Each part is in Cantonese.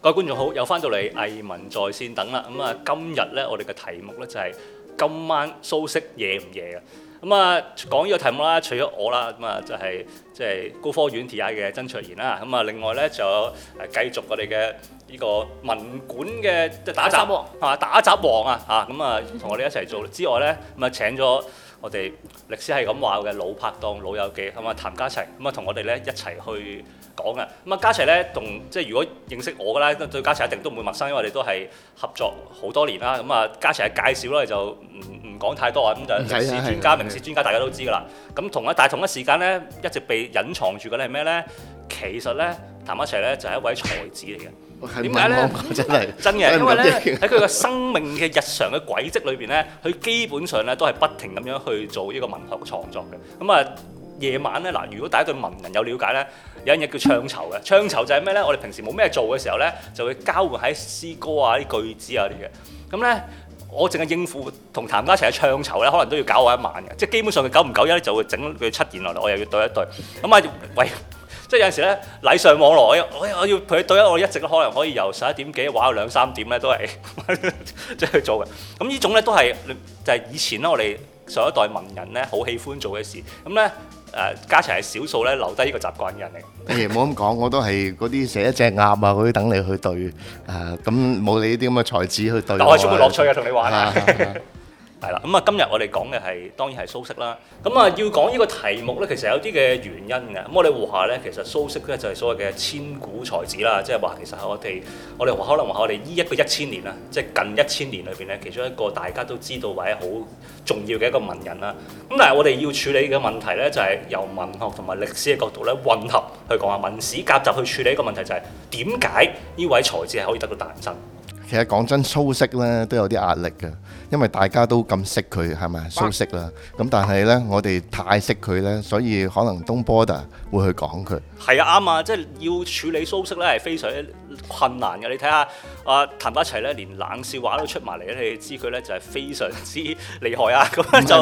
各位觀眾好，又翻到嚟藝文在線等啦。咁、嗯、啊，今日呢，我哋嘅題目呢，就係、是、今晚蘇軾夜唔夜啊！咁啊，講呢個題目啦，除咗我啦，咁啊就係即係高科院 T.A. 嘅曾卓然啦，咁啊另外呢，就繼續我哋嘅呢個文管嘅打雜，王，係嘛？打雜王，打雜王啊嚇，咁啊同我哋一齊做之外呢，咁啊請咗我哋歷史係咁話嘅老拍檔老友記，咁啊譚家齊，咁啊同我哋呢一齊去。講嘅咁啊，家齊咧同即係如果認識我嘅咧，對家齊一定都唔會陌生，因為我哋都係合作好多年啦。咁啊，家齊嘅介紹啦，就唔唔講太多啊。咁、嗯、就明史專家，明史專家大家都知㗎啦。咁同一但係同一時間咧，一直被隱藏住嘅咧係咩咧？其實咧，譚家齊咧就係一位才子嚟嘅。點解咧？呢我真係真嘅，因為咧喺佢嘅生命嘅日常嘅軌跡裏邊咧，佢基本上咧都係不停咁樣去做呢個文學創作嘅。咁、嗯、啊。嗯夜晚咧嗱，如果大家對文人有了解咧，有一嘢叫唱酬嘅。唱酬就係咩咧？我哋平時冇咩做嘅時候咧，就會交換喺詩歌啊、啲句子啊啲嘅。咁咧，我淨係應付同譚家齊嘅唱酬咧，可能都要搞我一晚嘅。即係基本上佢九唔九一咧，就會整佢七言落嚟，我又要對一對咁啊。喂，即係有陣時咧，禮尚往來，我要我要佢對一，我一直可能可以由十一點幾玩到兩三點咧，都係即去做嘅。咁呢種咧都係就係、是、以前咧，我哋上一代文人咧好喜歡做嘅事咁咧。誒，家齊係少數咧，留低呢個習慣嘅人嚟。唔好咁講，我都係嗰啲寫一隻鴨啊，嗰啲等你去對。誒，咁冇你呢啲咁嘅才子去對我。我係充滿樂趣啊，同 你玩。 uh, uh, uh. 係啦，咁啊，今日我哋講嘅係當然係蘇軾啦。咁啊，要講呢個題目呢，其實有啲嘅原因嘅。咁我哋話下呢，其實蘇軾呢，就係所謂嘅千古才子啦，即係話其實係我哋我哋可能話我哋呢一個一千年啊，即係近一千年裏邊呢，其中一個大家都知道或者好重要嘅一個文人啦。咁但係我哋要處理嘅問題呢，就係、是、由文學同埋歷史嘅角度呢混合去講啊，文史夾雜去處理一個問題，就是，就係點解呢位才子係可以得到誕生？其實講真，蘇軾呢都有啲壓力嘅，因為大家都咁識佢，係咪？蘇軾啦，咁但係呢，我哋太識佢呢，所以可能東坡達會去講佢。係啊，啱啊！即係要處理蘇軾咧，係非常之困難嘅。你睇下啊，譚家齊咧，連冷笑話都出埋嚟咧，你知佢咧就係、是、非常之厲害啊！咁樣就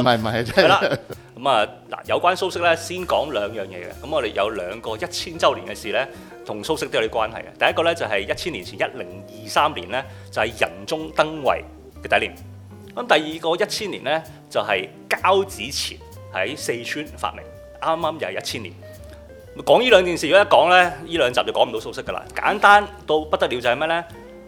係啦。咁啊，嗱，有關蘇軾咧，先講兩樣嘢嘅。咁我哋有兩個一千周年嘅事咧，同蘇軾都有啲關係嘅。第一個咧就係、是、一千年前一零二三年咧，就係、是、仁宗登位嘅第一年。咁第二個一千年咧，就係、是、交子錢，喺四川發明，啱啱又係一千年。講呢兩件事，如果一講呢，呢兩集就講唔到蘇軾噶啦。簡單到不得了就係咩呢？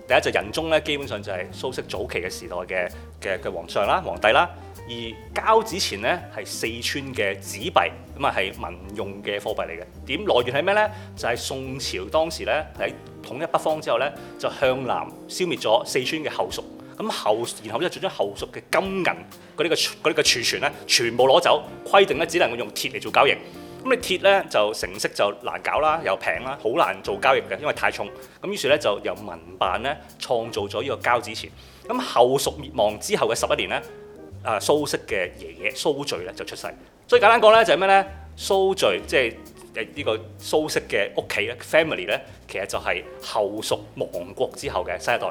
第一就是，仁宗呢，基本上就係蘇軾早期嘅時代嘅嘅嘅皇上啦，皇帝啦。而交子錢呢，係四川嘅紙幣，咁啊係民用嘅貨幣嚟嘅。點來源係咩呢？就係、是、宋朝當時呢，喺統一北方之後呢，就向南消滅咗四川嘅後蜀。咁後然後呢，將後蜀嘅金銀嗰啲嘅啲嘅儲存呢，全部攞走，規定呢，只能用鐵嚟做交易。咁你鐵咧就成色就難搞啦，又平啦，好難做交易嘅，因為太重。咁於是咧就由民辦咧創造咗呢個交子錢。咁後蜀滅亡之後嘅十一年咧，啊蘇軾嘅爺爺蘇序咧就出世。最簡單講咧就係咩咧？蘇序即係誒呢個蘇軾嘅屋企咧，family 咧，其實就係後蜀亡國之後嘅下一代。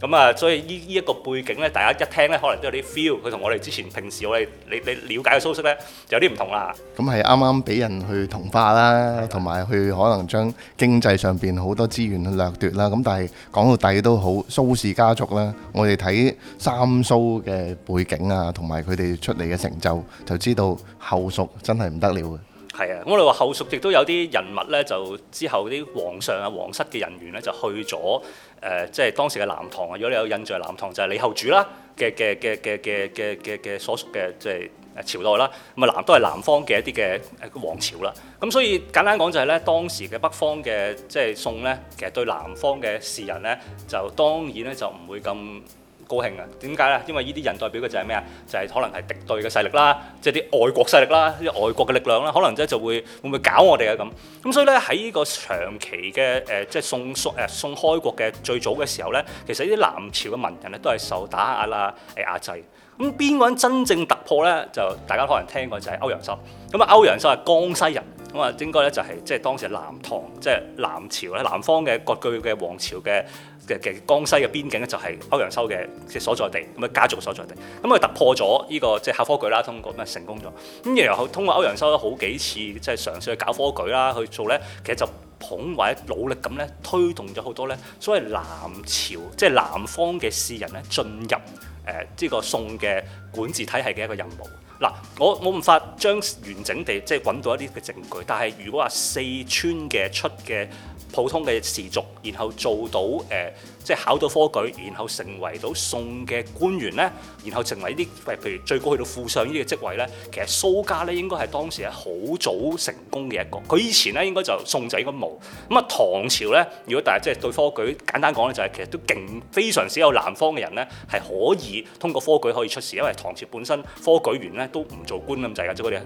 咁啊、嗯，所以呢，呢、這、一個背景咧，大家一聽咧，可能都有啲 feel。佢同我哋之前平時我哋你你了解嘅蘇軾咧，有啲唔同啦。咁係啱啱俾人去同化啦，同埋的去可能將經濟上邊好多資源去掠奪啦。咁但係講到底都好，蘇氏家族啦，我哋睇三蘇嘅背景啊，同埋佢哋出嚟嘅成就，就知道後蜀真係唔得了嘅。係啊，咁我哋話後蜀亦都有啲人物咧，就之後啲皇上啊、皇室嘅人員咧，就去咗。誒、呃、即係當時嘅南唐啊！如果你有印象南、南唐就係、是、李後主啦嘅嘅嘅嘅嘅嘅嘅嘅所屬嘅即係朝代啦。咁、嗯、啊南都係南方嘅一啲嘅皇朝啦。咁、嗯、所以簡單講就係、是、咧，當時嘅北方嘅即係宋咧，其實對南方嘅士人咧，就當然咧就唔會咁高興啊！點解咧？因為呢啲人代表嘅就係咩啊？就係、是、可能係敵對嘅勢力啦，即係啲外國勢力啦，啲外國嘅力量啦，可能即就會會唔會搞我哋啊咁。咁所以咧喺呢個長期嘅誒，即係宋宋誒宋開國嘅最早嘅時候咧，其實呢啲南朝嘅文人咧都係受打壓啦，壓制。咁邊個人真正突破咧？就大家可能聽過就係歐陽修。咁啊，歐陽修係江西人，咁啊應該咧就係即係當時南唐即係、就是、南朝咧南方嘅割據嘅王朝嘅。嘅嘅江西嘅邊境咧就係歐陽修嘅即所在地，咁嘅家族所在地。咁、嗯、佢突破咗呢、這個即考科舉啦，通過咩成功咗。咁然後通過歐陽修咧好幾次即嘗試去搞科舉啦，去做咧，其實就捧或者努力咁咧推動咗好多咧所謂南朝即南方嘅士人咧進入誒呢、呃這個宋嘅管治體系嘅一個任務。嗱，我我冇辦法將完整地即揾到一啲嘅證據，但係如果話四川嘅出嘅普通嘅士族，然後做到誒、呃，即係考到科舉，然後成為到宋嘅官員咧，然後成為啲喂，譬如最高去到副相呢啲嘅職位咧，其實蘇家咧應該係當時係好早成功嘅一個。佢以前咧應該就宋仔咁毛。咁、嗯、啊。唐朝咧，如果大家即係對科舉簡單講咧，就係其實都勁非常少有南方嘅人咧係可以通過科舉可以出仕，因為唐朝本身科舉完咧都唔做官咁滯噶，即係佢哋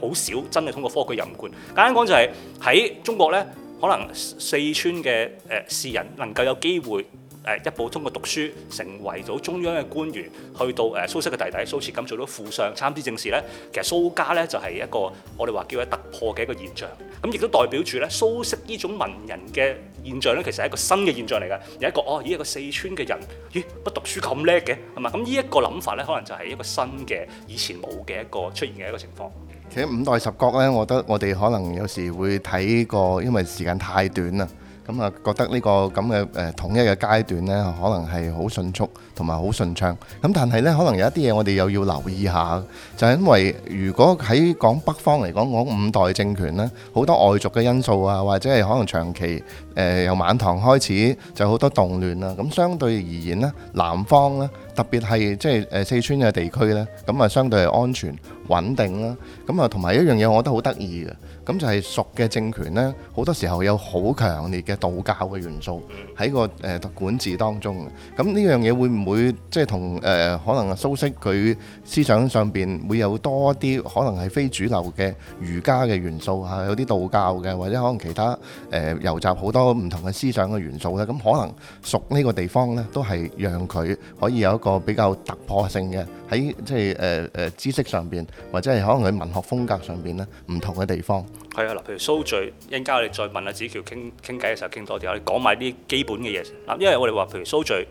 好少真係通過科舉任官。簡單講就係、是、喺中國咧。可能四川嘅誒、呃、士人能夠有機會誒、呃、一步通過讀書成為咗中央嘅官員，去到誒蘇軾嘅弟弟蘇轍咁做到副相參知政事咧，其實蘇家咧就係、是、一個我哋話叫做突破嘅一個現象，咁、嗯、亦都代表住咧蘇軾呢種文人嘅現象咧，其實係一個新嘅現象嚟嘅，有一個哦咦一個四川嘅人咦不讀書咁叻嘅係咪？咁、嗯這個、呢一個諗法咧，可能就係一個新嘅以前冇嘅一個出現嘅一個情況。其實五代十國呢，我覺得我哋可能有時會睇過，因為時間太短啦。咁啊、嗯，覺得呢、這個咁嘅誒統一嘅階段呢，可能係好迅速同埋好順暢。咁但係呢，可能有一啲嘢我哋又要留意下，就係、是、因為如果喺講北方嚟講，講五代政權呢，好多外族嘅因素啊，或者係可能長期誒、呃、由晚唐開始就好多動亂啦、啊。咁、嗯、相對而言呢，南方呢，特別係即係誒四川嘅地區呢，咁、嗯、啊、嗯、相對係安全穩定啦。咁啊，同、嗯、埋一樣嘢，我覺得好得意嘅。咁、嗯、就係、是、熟嘅政權呢，好多時候有好強烈嘅道教嘅元素喺個誒、呃、管治當中，咁呢、嗯、樣嘢會唔會即係同誒可能蘇軾佢思想上邊會有多啲可能係非主流嘅儒家嘅元素啊？有啲道教嘅，或者可能其他誒糅雜好多唔同嘅思想嘅元素咧。咁、嗯嗯、可能熟呢個地方呢，都係讓佢可以有一個比較突破性嘅。喺即係誒誒知識上邊，或者係可能喺文學風格上邊咧，唔同嘅地方。係啊，嗱，譬如蘇軾，陣間，我哋再問下紫翹傾傾偈嘅時候傾多啲，我哋講埋啲基本嘅嘢。嗱，因為我哋話譬如蘇軾，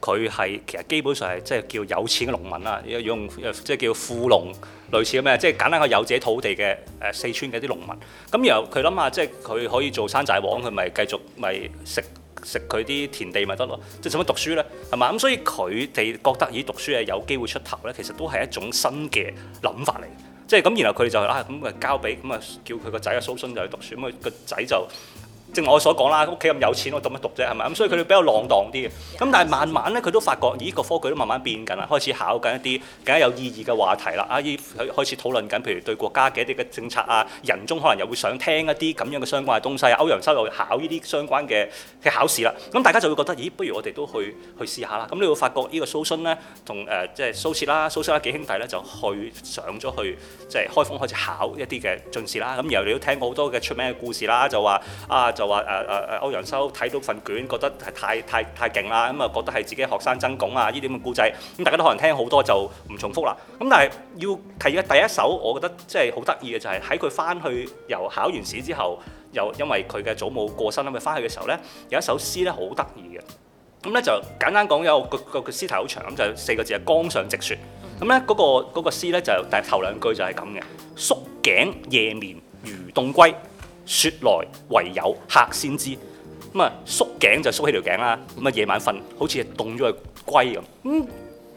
佢係其實基本上係即係叫有錢嘅農民啦，用即係叫富農，類似咁咩？即係簡單個有自己土地嘅誒、呃、四川嘅啲農民。咁、嗯、然後佢諗下，即係佢可以做山寨王，佢咪繼續咪食？食佢啲田地咪得咯，即係使乜讀書咧，係嘛？咁所以佢哋覺得咦，讀書係有機會出頭咧，其實都係一種新嘅諗法嚟，即係咁。然後佢哋就啊咁啊、嗯、交俾咁啊叫佢個仔啊蘇洵就去讀書，咁佢個仔就。正如我所講啦，屋企咁有錢，我讀乜讀啫？係咪咁？所以佢哋比較浪蕩啲嘅。咁但係慢慢咧，佢都發覺，咦？這個科舉都慢慢變緊啦，開始考緊一啲更加有意義嘅話題啦。啊，依開始討論緊，譬如對國家嘅一啲嘅政策啊，人中可能又會想聽一啲咁樣嘅相關嘅東西。歐陽修又會考呢啲相關嘅嘅考試啦。咁、啊、大家就會覺得，咦？不如我哋都去去試下啦。咁你會發覺個蘇呢個蘇洵咧，同誒、呃、即係蘇轍啦、蘇軾啦幾兄弟咧，就去上咗去即係、就是、開封開始考一啲嘅進士啦。咁、啊、然後你都聽過好多嘅出名嘅故事啦、啊，就話啊～就話誒誒誒，歐陽修睇到份卷，覺得係太太太勁啦，咁啊覺得係自己學生曾鞏啊，呢點嘅故仔。咁大家都可能聽好多就唔重複啦。咁但係要提嘅第一首，我覺得即係好得意嘅就係喺佢翻去由考完試之後，又因為佢嘅祖母過身啦，佢翻去嘅時候咧，有一首詩咧好得意嘅。咁、嗯、咧就簡單講，有個個個詩題好長，咁就是、四個字係江上值雪。咁咧嗰個嗰、那個、詩咧就，但係頭兩句就係咁嘅，縮頸夜眠如凍龜。雪來唯有客先知，咁、嗯、啊縮頸就縮起條頸啦。咁啊夜晚瞓好似凍咗個龜咁。咁、嗯、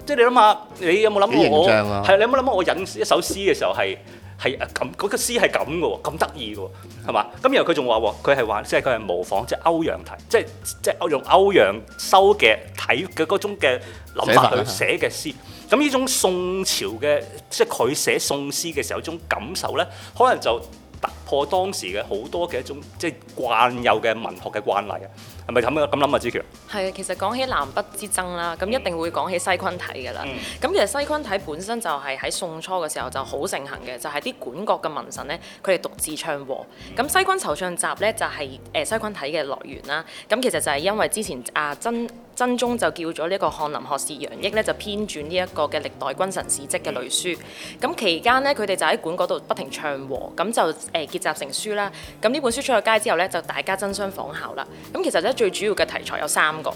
即係你諗下，你有冇諗過我係你有冇諗過我引一首詩嘅時候係係咁嗰個詩係咁嘅喎，咁得意嘅喎，係嘛？咁、嗯、然後佢仲話喎，佢係話即係佢係模仿即係、就是、歐陽頤，即係即係用歐陽修嘅體嘅嗰種嘅諗法去寫嘅詩。咁呢種宋朝嘅即係佢寫宋詩嘅時候，一種感受咧，可能就，破當時嘅好多嘅一種即係慣有嘅文學嘅慣例啊，係咪咁樣咁諗啊？紫翹係啊，其實講起南北之爭啦，咁、嗯、一定會講起西昆體㗎啦。咁、嗯、其實西昆體本身就係喺宋初嘅時候就好盛行嘅，就係、是、啲管國嘅文臣咧，佢哋獨自唱和。咁、嗯，《西昆酬唱集》咧就係誒西昆體嘅來源啦。咁其實就係因為之前阿曾。啊真宗就叫咗呢個翰林學士楊億，咧，就編撰呢一個嘅歷代君臣史跡嘅類書。咁期間呢，佢哋就喺館嗰度不停唱和，咁就誒結集成書啦。咁呢本書出咗街之後呢，就大家爭相仿效啦。咁其實咧，最主要嘅題材有三個。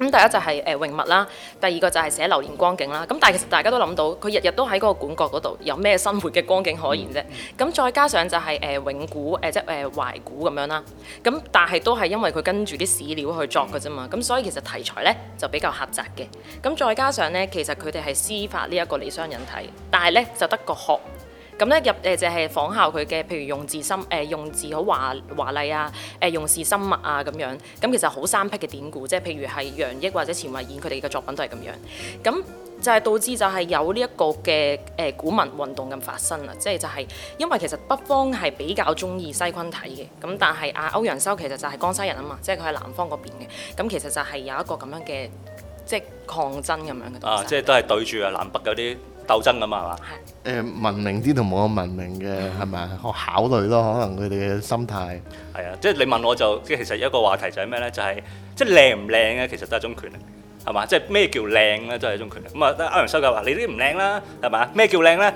咁第一就係誒詠物啦，第二個就係寫流年光景啦。咁但係其實大家都諗到，佢日日都喺嗰個館閣嗰度，有咩生活嘅光景可言啫？咁、嗯嗯、再加上就係誒詠古誒、呃、即係誒、呃、懷古咁樣啦。咁但係都係因為佢跟住啲史料去作嘅啫嘛。咁所以其實題材咧就比較狹窄嘅。咁再加上咧，其實佢哋係師法呢一個李商隱體，但係咧就得個殼。咁咧入誒就係、是、仿效佢嘅，譬如用字深誒、呃、用字好華華麗啊，誒用事深密啊咁樣。咁其實好生僻嘅典故，即係譬如係楊億或者錢惟演佢哋嘅作品都係咁樣。咁就係導致就係有呢一個嘅誒古文運動咁發生啦。即係就係因為其實北方係比較鍾意西昆體嘅，咁但係阿歐陽修其實就係江西人啊嘛，即係佢係南方嗰邊嘅。咁其實就係有一個咁樣嘅即係抗爭咁樣嘅、啊。即係都係對住啊南北嗰啲鬥爭咁啊嘛，誒的、呃、文明啲同冇咁文明嘅係咪啊？我考慮咯，可能佢哋嘅心態係啊，即係你問我就即係其實一個話題就係咩咧？就係、是、即係靚唔靚咧，其實都係一種權力，係嘛？即係咩叫靚咧，都係一種權力。咁、嗯、啊，歐陽修教話你啲唔靚啦，係嘛？咩叫靚咧？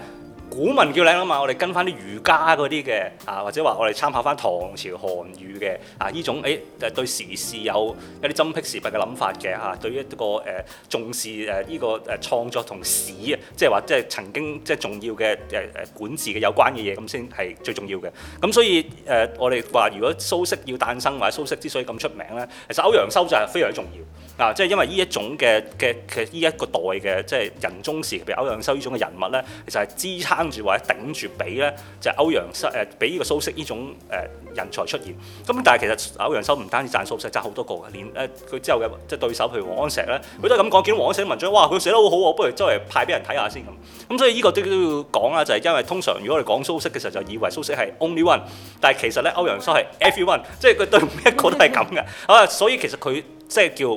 古文叫靚啊嘛，我哋跟翻啲儒家嗰啲嘅啊，或者話我哋參考翻唐朝韓愈嘅啊，依種誒、哎、對時事有一啲針砭時弊嘅諗法嘅嚇、啊。對於一個誒、呃、重視誒依、呃這個誒創作同史啊，即係話即係曾經即係重要嘅誒誒管治嘅有關嘅嘢咁先係最重要嘅。咁所以誒、呃，我哋話如果蘇軾要誕生或者蘇軾之所以咁出名咧，其實歐陽修就係非常之重要。啊！即係因為呢一種嘅嘅其實呢一個代嘅即係人中時，譬如歐陽修呢種嘅人物咧，其實係支撐住或者頂住俾咧，就係歐陽修誒俾呢個蘇軾呢種誒人才出現。咁、嗯、但係其實歐陽修唔單止贊蘇軾，贊好多個嘅連誒佢之後嘅即係對手譬如王安石咧，佢都係咁講見王安石嘅文章，哇！佢寫得好好啊，不如周圍派俾人睇下先咁。咁、嗯、所以呢個都都要講啦，就係、是、因為通常如果我哋講蘇軾嘅時候就以為蘇軾係 only one，但係其實咧歐陽修係 everyone，即係佢對每一個都係咁嘅啊。 所以其實佢即係叫。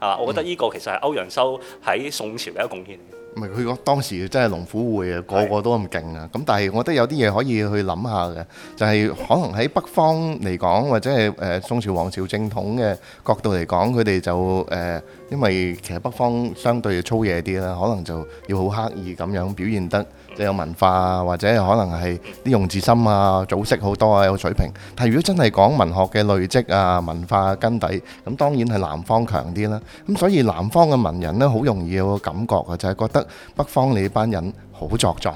啊，我覺得呢個其實係歐陽修喺宋朝嘅一個貢獻。唔係佢講當時真係龍虎會啊，個個都咁勁啊。咁是但係我覺得有啲嘢可以去諗下嘅，就係、是、可能喺北方嚟講，或者係誒宋朝王朝正統嘅角度嚟講，佢哋就誒、呃、因為其實北方相對粗野啲啦，可能就要好刻意咁樣表現得你、就是、有文化或者可能係啲用字深啊、藻飾好多啊、有水平。但係如果真係講文學嘅累積啊、文化根底，咁當然係南方強啲啦。咁所以南方嘅文人呢，好容易有個感覺啊，就係、是、覺得北方你班人好作狀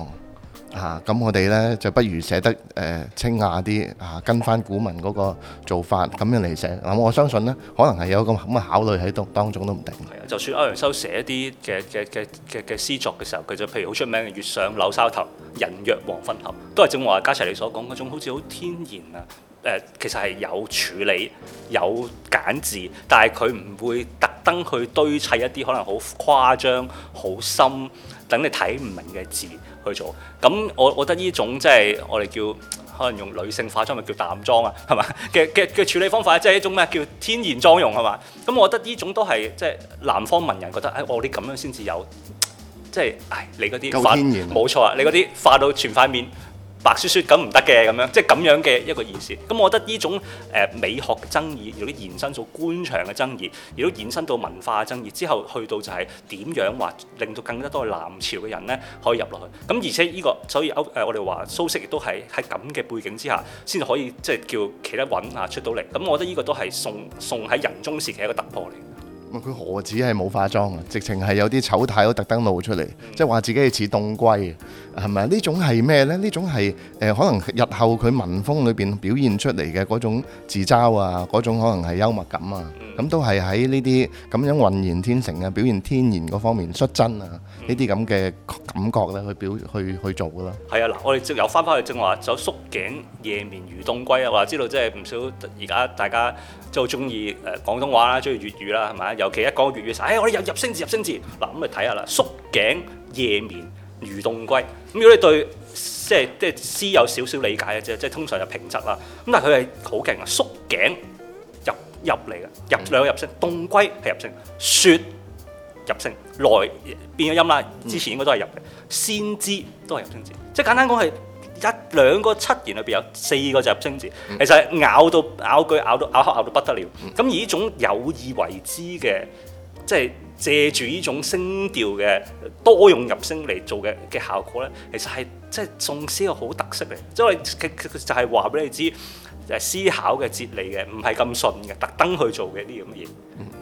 啊！咁我哋呢，就不如寫得誒、呃、清雅啲啊，跟翻古文嗰個做法咁樣嚟寫。咁我相信呢，可能係有個咁嘅考慮喺度當中都唔定、啊。就算歐陽修寫啲嘅嘅嘅嘅嘅詩作嘅時候，佢就譬如好出名嘅《月上柳梢頭，人約黃昏後》，都係正話家齊你所講嗰種好似好天然啊。誒，其實係有處理有揀字，但係佢唔會特登去堆砌一啲可能好誇張、好深等你睇唔明嘅字去做。咁我覺得呢種即係我哋叫可能用女性化妝咪叫淡妝啊，係嘛？嘅嘅嘅處理方法即係、就是、一種咩叫天然妝容係嘛？咁我覺得呢種都係即係南方文人覺得誒，我啲咁樣先至有即係唉你嗰啲夠天然冇錯啊！你嗰啲、就是、化，化到全塊面。嗯白雪雪咁唔得嘅咁樣，即係咁樣嘅一個意思。咁我覺得呢種誒、呃、美學嘅爭議，而都延伸到官場嘅爭議，亦都延伸到文化嘅爭議之後，去到就係點樣話令到更加多南朝嘅人咧可以入落去。咁而且呢、這個所以歐誒、呃，我哋話蘇軾亦都係喺咁嘅背景之下，先至可以即係叫企得穩啊出到嚟。咁我覺得呢個都係宋宋喺仁宗時期一個突破嚟。佢何止係冇化妝啊？直情係有啲醜態都特登露出嚟，嗯、即係話自己係似凍龜，係咪？呢種係咩呢？呢種係誒、呃，可能日後佢文風裏邊表現出嚟嘅嗰種自嘲啊，嗰種可能係幽默感啊，咁、嗯、都係喺呢啲咁樣渾然天成啊，表現天然嗰方面率真啊，呢啲咁嘅感覺咧，去表去去做噶咯。係啊，嗱，我哋即有翻翻去正話，就縮頸夜眠如凍龜啊，話知道即係唔少而家大家。就中意誒廣東話啦、啊，中意粵語啦、啊，係嘛？尤其一講粵語就，哎，我哋入入聲字，入聲字。嗱咁你睇下啦，縮頸、夜眠、如凍龜。咁、嗯、如果你對即係即係詩有少少理解嘅啫，即係通常就平仄啦。咁但係佢係好勁啊！縮頸入入嚟嘅，入兩個入聲，凍龜係入聲，雪入聲，來變咗音啦。之前應該都係入嘅，嗯、先知都係入聲字，即係簡單講係。一兩個七言裏邊有四個就入聲字，其實咬到咬句咬到咬口咬、咬、咬到不得了。咁呢種有意為之嘅，即係借住呢種聲調嘅多用入聲嚟做嘅嘅效果咧，其實係即係宋詩嘅好特色嚟，因為就係話俾你知，誒、就係、思考嘅哲理嘅，唔係咁順嘅，特登去做嘅啲咁嘢。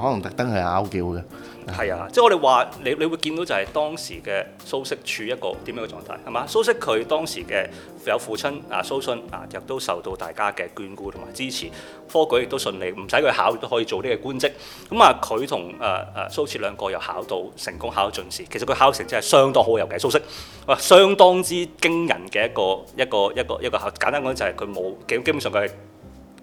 可能特登係拗叫嘅，係啊！即係我哋話你，你會見到就係當時嘅蘇軾處一個點樣嘅狀態，係嘛？蘇軾佢當時嘅有父親啊，蘇洵，啊，亦都受到大家嘅眷顧同埋支持，科舉亦都順利，唔使佢考都可以做呢個官職。咁、嗯、啊，佢同誒誒蘇轍兩個又考到成功考到進士。其實佢考成績係相當好有嘅，蘇軾話、啊、相當之驚人嘅一個一個一個一個，一個考簡單講就係佢冇基基本上佢係。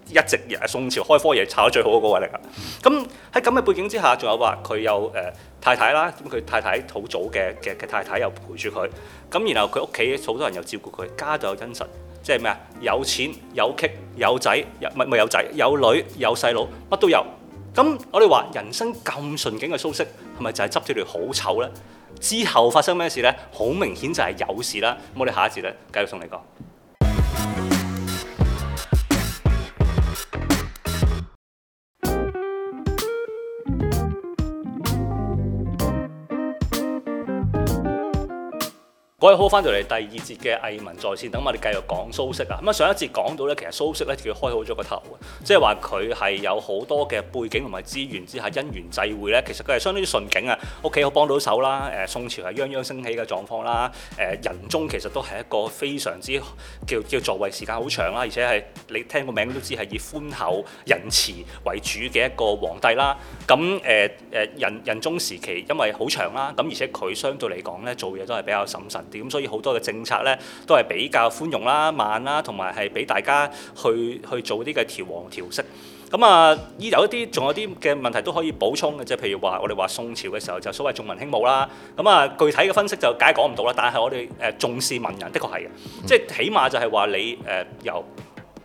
一直誒宋朝開科嘢炒得最好嗰位嚟㗎，咁喺咁嘅背景之下，仲有話佢有誒、呃、太太啦，咁佢太太好早嘅嘅嘅太太又陪住佢，咁然後佢屋企好多人又照顧佢，家就有親屬，即係咩啊？有錢有屋有仔，唔係唔係有仔有女有細佬，乜都有。咁我哋話人生咁順景嘅蘇軾，係咪就係執住條好醜咧？之後發生咩事咧？好明顯就係有事啦。咁我哋下一節咧繼續同你講。各位好，好翻到嚟第二節嘅藝文在綫，等我哋繼續講蘇軾啊。咁啊，上一節講到咧，其實蘇軾咧佢開好咗個頭，即係話佢係有好多嘅背景同埋資源，之下因緣際會咧，其實佢係相當於順境啊。屋企好幫到手啦，誒，宋朝係泱泱升起嘅狀況啦，誒、呃，仁宗其實都係一個非常之叫叫在位時間好長啦，而且係你聽個名都知係以寬厚仁慈為主嘅一個皇帝啦。咁誒誒，仁、呃、仁宗時期因為好長啦，咁而且佢相對嚟講咧做嘢都係比較審慎。咁所以好多嘅政策咧都係比較寬容啦、慢啦，同埋係俾大家去去做啲嘅調和調適。咁、嗯、啊，依有一啲仲有啲嘅問題都可以補充嘅，即係譬如話我哋話宋朝嘅時候就所謂重文輕武啦。咁、嗯、啊，具體嘅分析就梗係講唔到啦。但係我哋誒、呃、重視文人，的確係嘅，即係起碼就係話你誒、呃、有。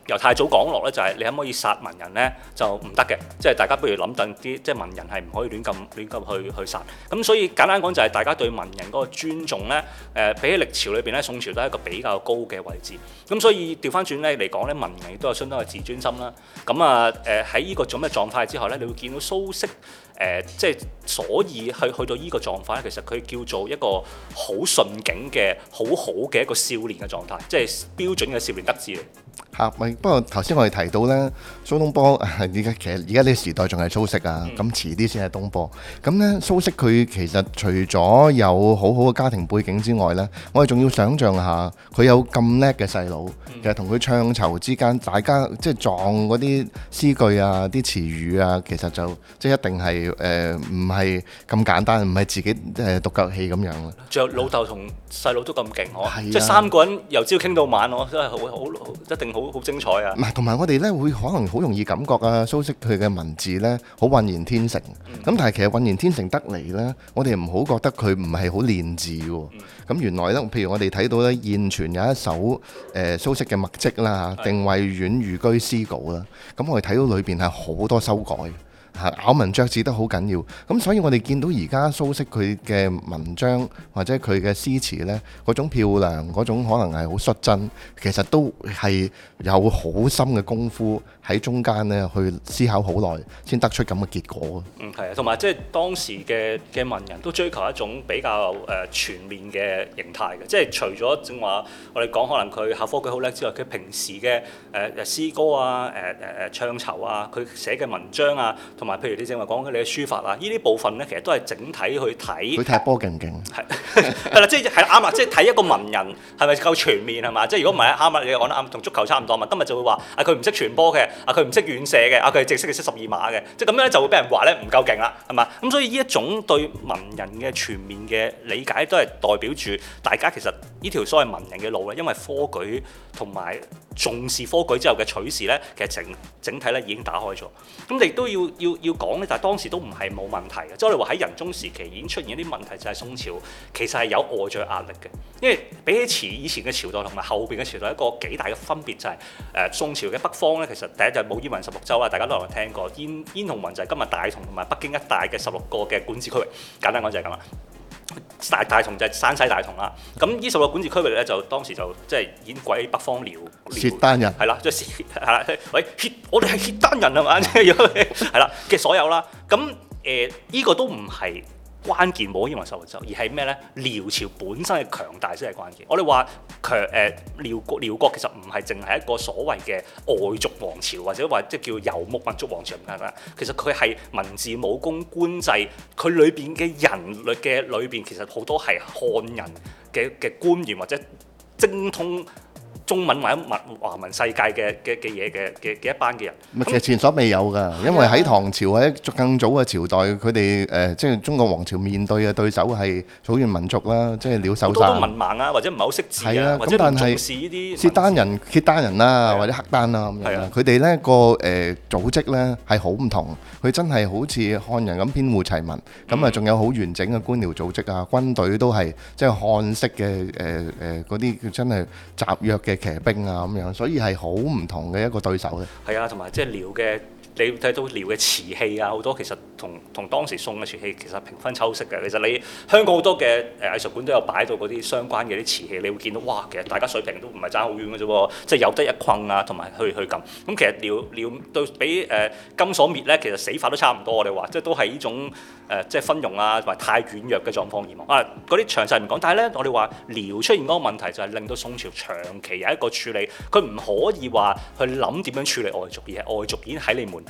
由太祖講落咧，就係、是、你可唔可以殺文人咧？就唔得嘅，即係大家不如諗陣啲，即係文人係唔可以亂咁亂咁去去殺。咁所以簡單講就係、是、大家對文人嗰個尊重咧，誒、呃，比起歷朝裏邊咧，宋朝都係一個比較高嘅位置。咁所以調翻轉咧嚟講咧，文人亦都有相當嘅自尊心啦。咁啊誒喺呢個咁嘅狀態之下咧，你會見到蘇軾誒即係。呃就是所以係去到呢個狀況咧，其實佢叫做一個順好順境嘅好好嘅一個少年嘅狀態，即係標準嘅少年得志嚟。嗯嗯、不過頭先我哋提到呢，蘇東坡而家其實而家呢個時代仲係、啊、蘇軾啊，咁遲啲先係東坡。咁咧蘇軾佢其實除咗有好好嘅家庭背景之外呢，我哋仲要想象下佢有咁叻嘅細佬，其實同佢唱酬之間，大家即係撞嗰啲詩句啊、啲詞語啊，其實就即係一定係誒唔係。呃係咁簡單，唔係自己誒獨腳戲咁樣咯。著老豆同細佬都咁勁，嗬！即係三個人由朝傾到晚，我真係好好一定好好精彩啊！唔係同埋我哋咧，會可能好容易感覺啊，蘇軾佢嘅文字咧，好渾然天成。咁但係其實渾然天成得嚟咧，我哋唔好覺得佢唔係好練字喎。咁原來咧，譬如我哋睇到咧，現存有一首誒蘇軾嘅墨跡啦，《定惠院寓居詩稿》啦，咁我哋睇到裏邊係好多修改。咬文嚼字都好緊要，咁所以我哋見到而家蘇軾佢嘅文章或者佢嘅詩詞呢，嗰種漂亮，嗰種可能係好率真，其實都係有好深嘅功夫。喺中間咧去思考好耐，先得出咁嘅結果。嗯，係啊，同埋即係當時嘅嘅文人都追求一種比較誒全面嘅形態嘅，即係除咗正話我哋講可能佢考科舉好叻之外，佢平時嘅誒誒詩歌啊、誒誒誒唱酬啊，佢寫嘅文章啊，同埋譬如你正話講緊你嘅書法啊，呢啲部分咧其實都係整體去睇。佢踢波勁唔勁？係係啦，即係係啱啦，即係睇一個文人係咪夠全面係嘛？即係如果唔係，啱啦，你講得啱，同足球差唔多嘛。今日就會話啊，佢唔識傳波嘅。啊，佢唔識遠射嘅。啊，佢係淨識佢識十二碼嘅，即係咁樣咧就會俾人話咧唔夠勁啦，係嘛？咁、嗯、所以呢一種對文人嘅全面嘅理解都係代表住大家其實呢條所謂文人嘅路咧，因為科舉同埋重視科舉之後嘅取士咧，其實整整體咧已經打開咗。咁、嗯、你都要要要講咧，但係當時都唔係冇問題嘅。即係我哋話喺仁宗時期已經出現一啲問題，就係宋朝其實係有外在壓力嘅，因為比起以前嘅朝代同埋後邊嘅朝代一個幾大嘅分別就係、是、誒宋朝嘅北方咧其實。第一就係冇燕雲十六州啊，大家都有聽過。燕燕同雲就係今日大同同埋北京一帶嘅十六個嘅管治區域。簡單講就係咁啦。大大同就係山西大同啦。咁呢十六個管治區域咧，就當時就即係已經歸北方遼，契丹人係啦，即係契丹係啦，喂、就、契丹、是！ 我哋係契丹人係嘛？係 啦，嘅所有啦。咁誒，依、呃呢個都唔係。關鍵冇因為受制，而係咩呢？遼朝本身嘅強大先係關鍵。我哋話強誒遼國遼國，其實唔係淨係一個所謂嘅外族王朝，或者話即叫遊牧民族王朝唔啊。其實佢係文字、武功、官制，佢裏邊嘅人類嘅裏邊，裡面其實好多係漢人嘅嘅官員或者精通中文或者文華文世界嘅嘅嘅嘢嘅嘅嘅一班嘅人，咪其實前所未有㗎。因為喺唐朝或者更早嘅朝代，佢哋誒即係中國皇朝面對嘅對手係草原民族啦，即係鳥獸散，好多文盲啊，或者唔係好識字啊，或者重視呢啲。是單人，鐵單人啦，或者黑單啦，咁樣。係啊，佢哋呢個誒組織咧係好唔同，佢真係好似漢人咁編戶齊民，咁啊仲有好完整嘅官僚組織啊，軍隊都係即係漢式嘅誒誒嗰啲，真係集約嘅。騎兵啊咁樣，所以係好唔同嘅一個對手嘅。係啊，同埋即係遼嘅。你睇到遼嘅瓷器啊，好多其實同同當時宋嘅瓷器其實平分秋色嘅。其實你香港好多嘅誒藝術館都有擺到嗰啲相關嘅啲瓷器，你會見到哇，其實大家水平都唔係差好遠嘅啫喎，即係有得一困啊，同埋去去撳。咁其實遼遼對比誒、呃、金所滅咧，其實死法都差唔多。我哋話即係都係呢種誒、呃、即係分容啊，同埋太軟弱嘅狀況而亡。啊，嗰啲詳細唔講。但係咧，我哋話遼出現嗰個問題就係令到宋朝長期有一個處理，佢唔可以話去諗點樣處理外族，而係外族已經喺你門。咁，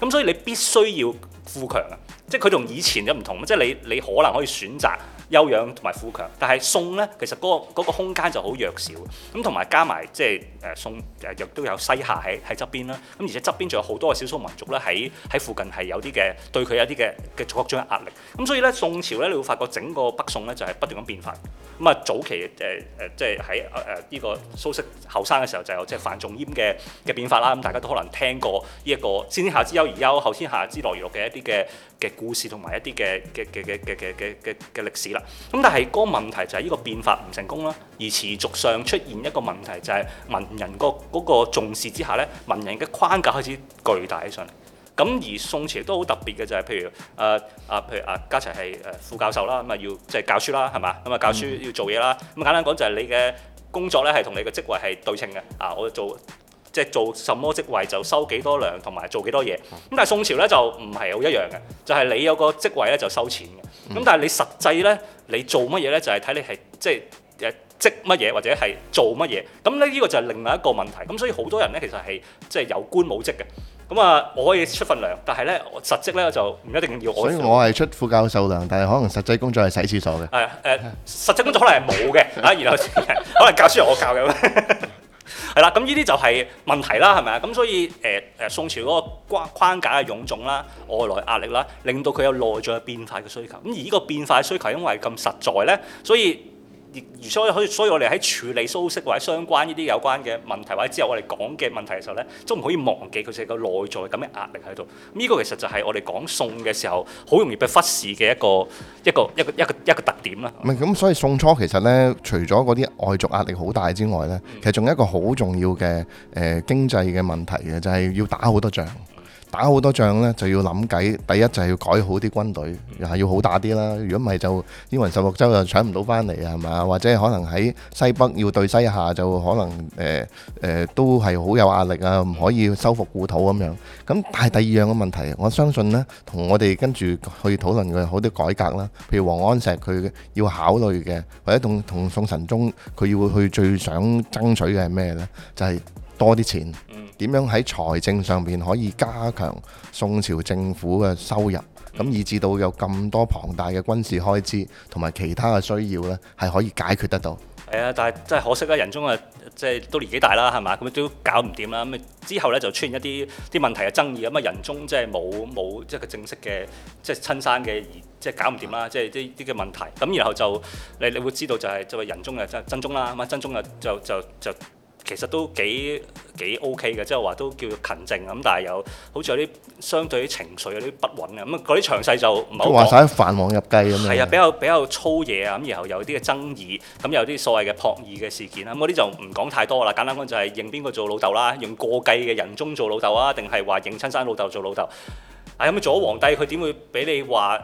嗯，所以你必須要富強啊！即係佢同以前就唔同，即係你你可能可以選擇。休養同埋富強，但係宋咧，其實嗰、個嗰個空間就好弱小，咁同埋加埋即係誒宋誒亦都有西夏喺喺側邊啦，咁而且側邊仲有好多嘅少數民族咧喺喺附近係有啲嘅對佢有啲嘅嘅各種壓力，咁、嗯、所以咧宋朝咧，你會發覺整個北宋咧就係不斷咁變法。咁、嗯、啊早期誒誒、呃、即係喺誒呢個蘇軾後生嘅時候就有即係范仲淹嘅嘅變法啦，咁、嗯、大家都可能聽過呢一個先天下之憂而憂，後天下之樂而樂嘅一啲嘅嘅故事同埋一啲嘅嘅嘅嘅嘅嘅嘅嘅歷史啦，咁但係個問題就係呢個變法唔成功啦，而持續上出現一個問題就係、是、文人個嗰個重視之下咧，文人嘅框架開始巨大起上嚟。咁而宋朝都好特別嘅就係、是、譬如誒誒、呃、譬如啊，家齊係誒副教授啦，咁啊要即係教書啦，係嘛？咁啊教書要做嘢啦。咁、嗯、簡單講就係你嘅工作咧係同你嘅職位係對稱嘅。啊，我做。即係做什麼職位就收幾多糧，同埋做幾多嘢。咁但係宋朝咧就唔係好一樣嘅，就係你有個職位咧就收錢嘅。咁但係你實際咧，你做乜嘢咧就係睇你係即係誒職乜嘢或者係做乜嘢。咁咧呢個就係另外一個問題。咁所以好多人咧其實係即係有官冇職嘅。咁啊，我可以出份糧，但係咧我實職咧就唔一定要我。所以我係出副教授糧，但係可能實際工作係洗廁所嘅。係啊誒，實際工作可能係冇嘅啊，然後可能教書係我教嘅。係啦，咁呢啲就係問題啦，係咪啊？咁所以誒誒，宋朝嗰個框架嘅臃腫啦、外來壓力啦，令到佢有內在嘅變化嘅需求。咁而呢個變化嘅需求，因為咁實在咧，所以。呃亦所以，所以，所以我哋喺處理蘇軾或者相關呢啲有關嘅問題，或者之後我哋講嘅問題嘅時候呢，都唔可以忘記佢哋個內在咁嘅壓力喺度。呢、嗯這個其實就係我哋講宋嘅時候好容易被忽視嘅一個一個一個一個一個特點啦。唔係咁，所以宋初其實呢，除咗嗰啲外族壓力好大之外呢，其實仲有一個好重要嘅誒、呃、經濟嘅問題嘅，就係、是、要打好多仗。打好多仗呢，就要諗計。第一就係要改好啲軍隊，又係要好打啲啦。如果唔係就燕雲十六州又搶唔到翻嚟啊，係咪？或者可能喺西北要對西夏就可能誒、呃呃、都係好有壓力啊，唔可以收復故土咁樣。咁但係第二樣嘅問題，我相信呢，同我哋跟住去討論嘅好多改革啦，譬如王安石佢要考慮嘅，或者同同宋神宗佢要去最想爭取嘅係咩呢？就係、是、多啲錢。點樣喺財政上面可以加強宋朝政府嘅收入，咁以至到有咁多龐大嘅軍事開支同埋其他嘅需要呢？係可以解決得到。係、嗯、啊，但係真係可惜啦，仁宗啊，即係都年紀大啦，係嘛，咁都搞唔掂啦。咁之後呢，就出現一啲啲問題嘅爭議，咁啊仁宗即係冇冇即係個正式嘅即係親生嘅，即係搞唔掂啦，即係啲啲嘅問題。咁然後就你你會知道就係就係仁宗啊，即係真宗啦，咁啊真宗啊就就就。就就其實都幾幾 OK 嘅，即係話都叫做勤政咁，但係有好似有啲相對啲情緒有啲不穩嘅，咁嗰啲詳細就唔好話曬繁王入計咁樣。係啊，比較比較粗嘢啊，咁然後有啲嘅爭議，咁有啲所謂嘅濮議嘅事件啊，咁嗰啲就唔講太多啦。簡單講就係認邊個做老豆啦，用過繼嘅仁宗做老豆啊，定係話認親生老豆做老豆？咁做咗皇帝佢點會俾你話？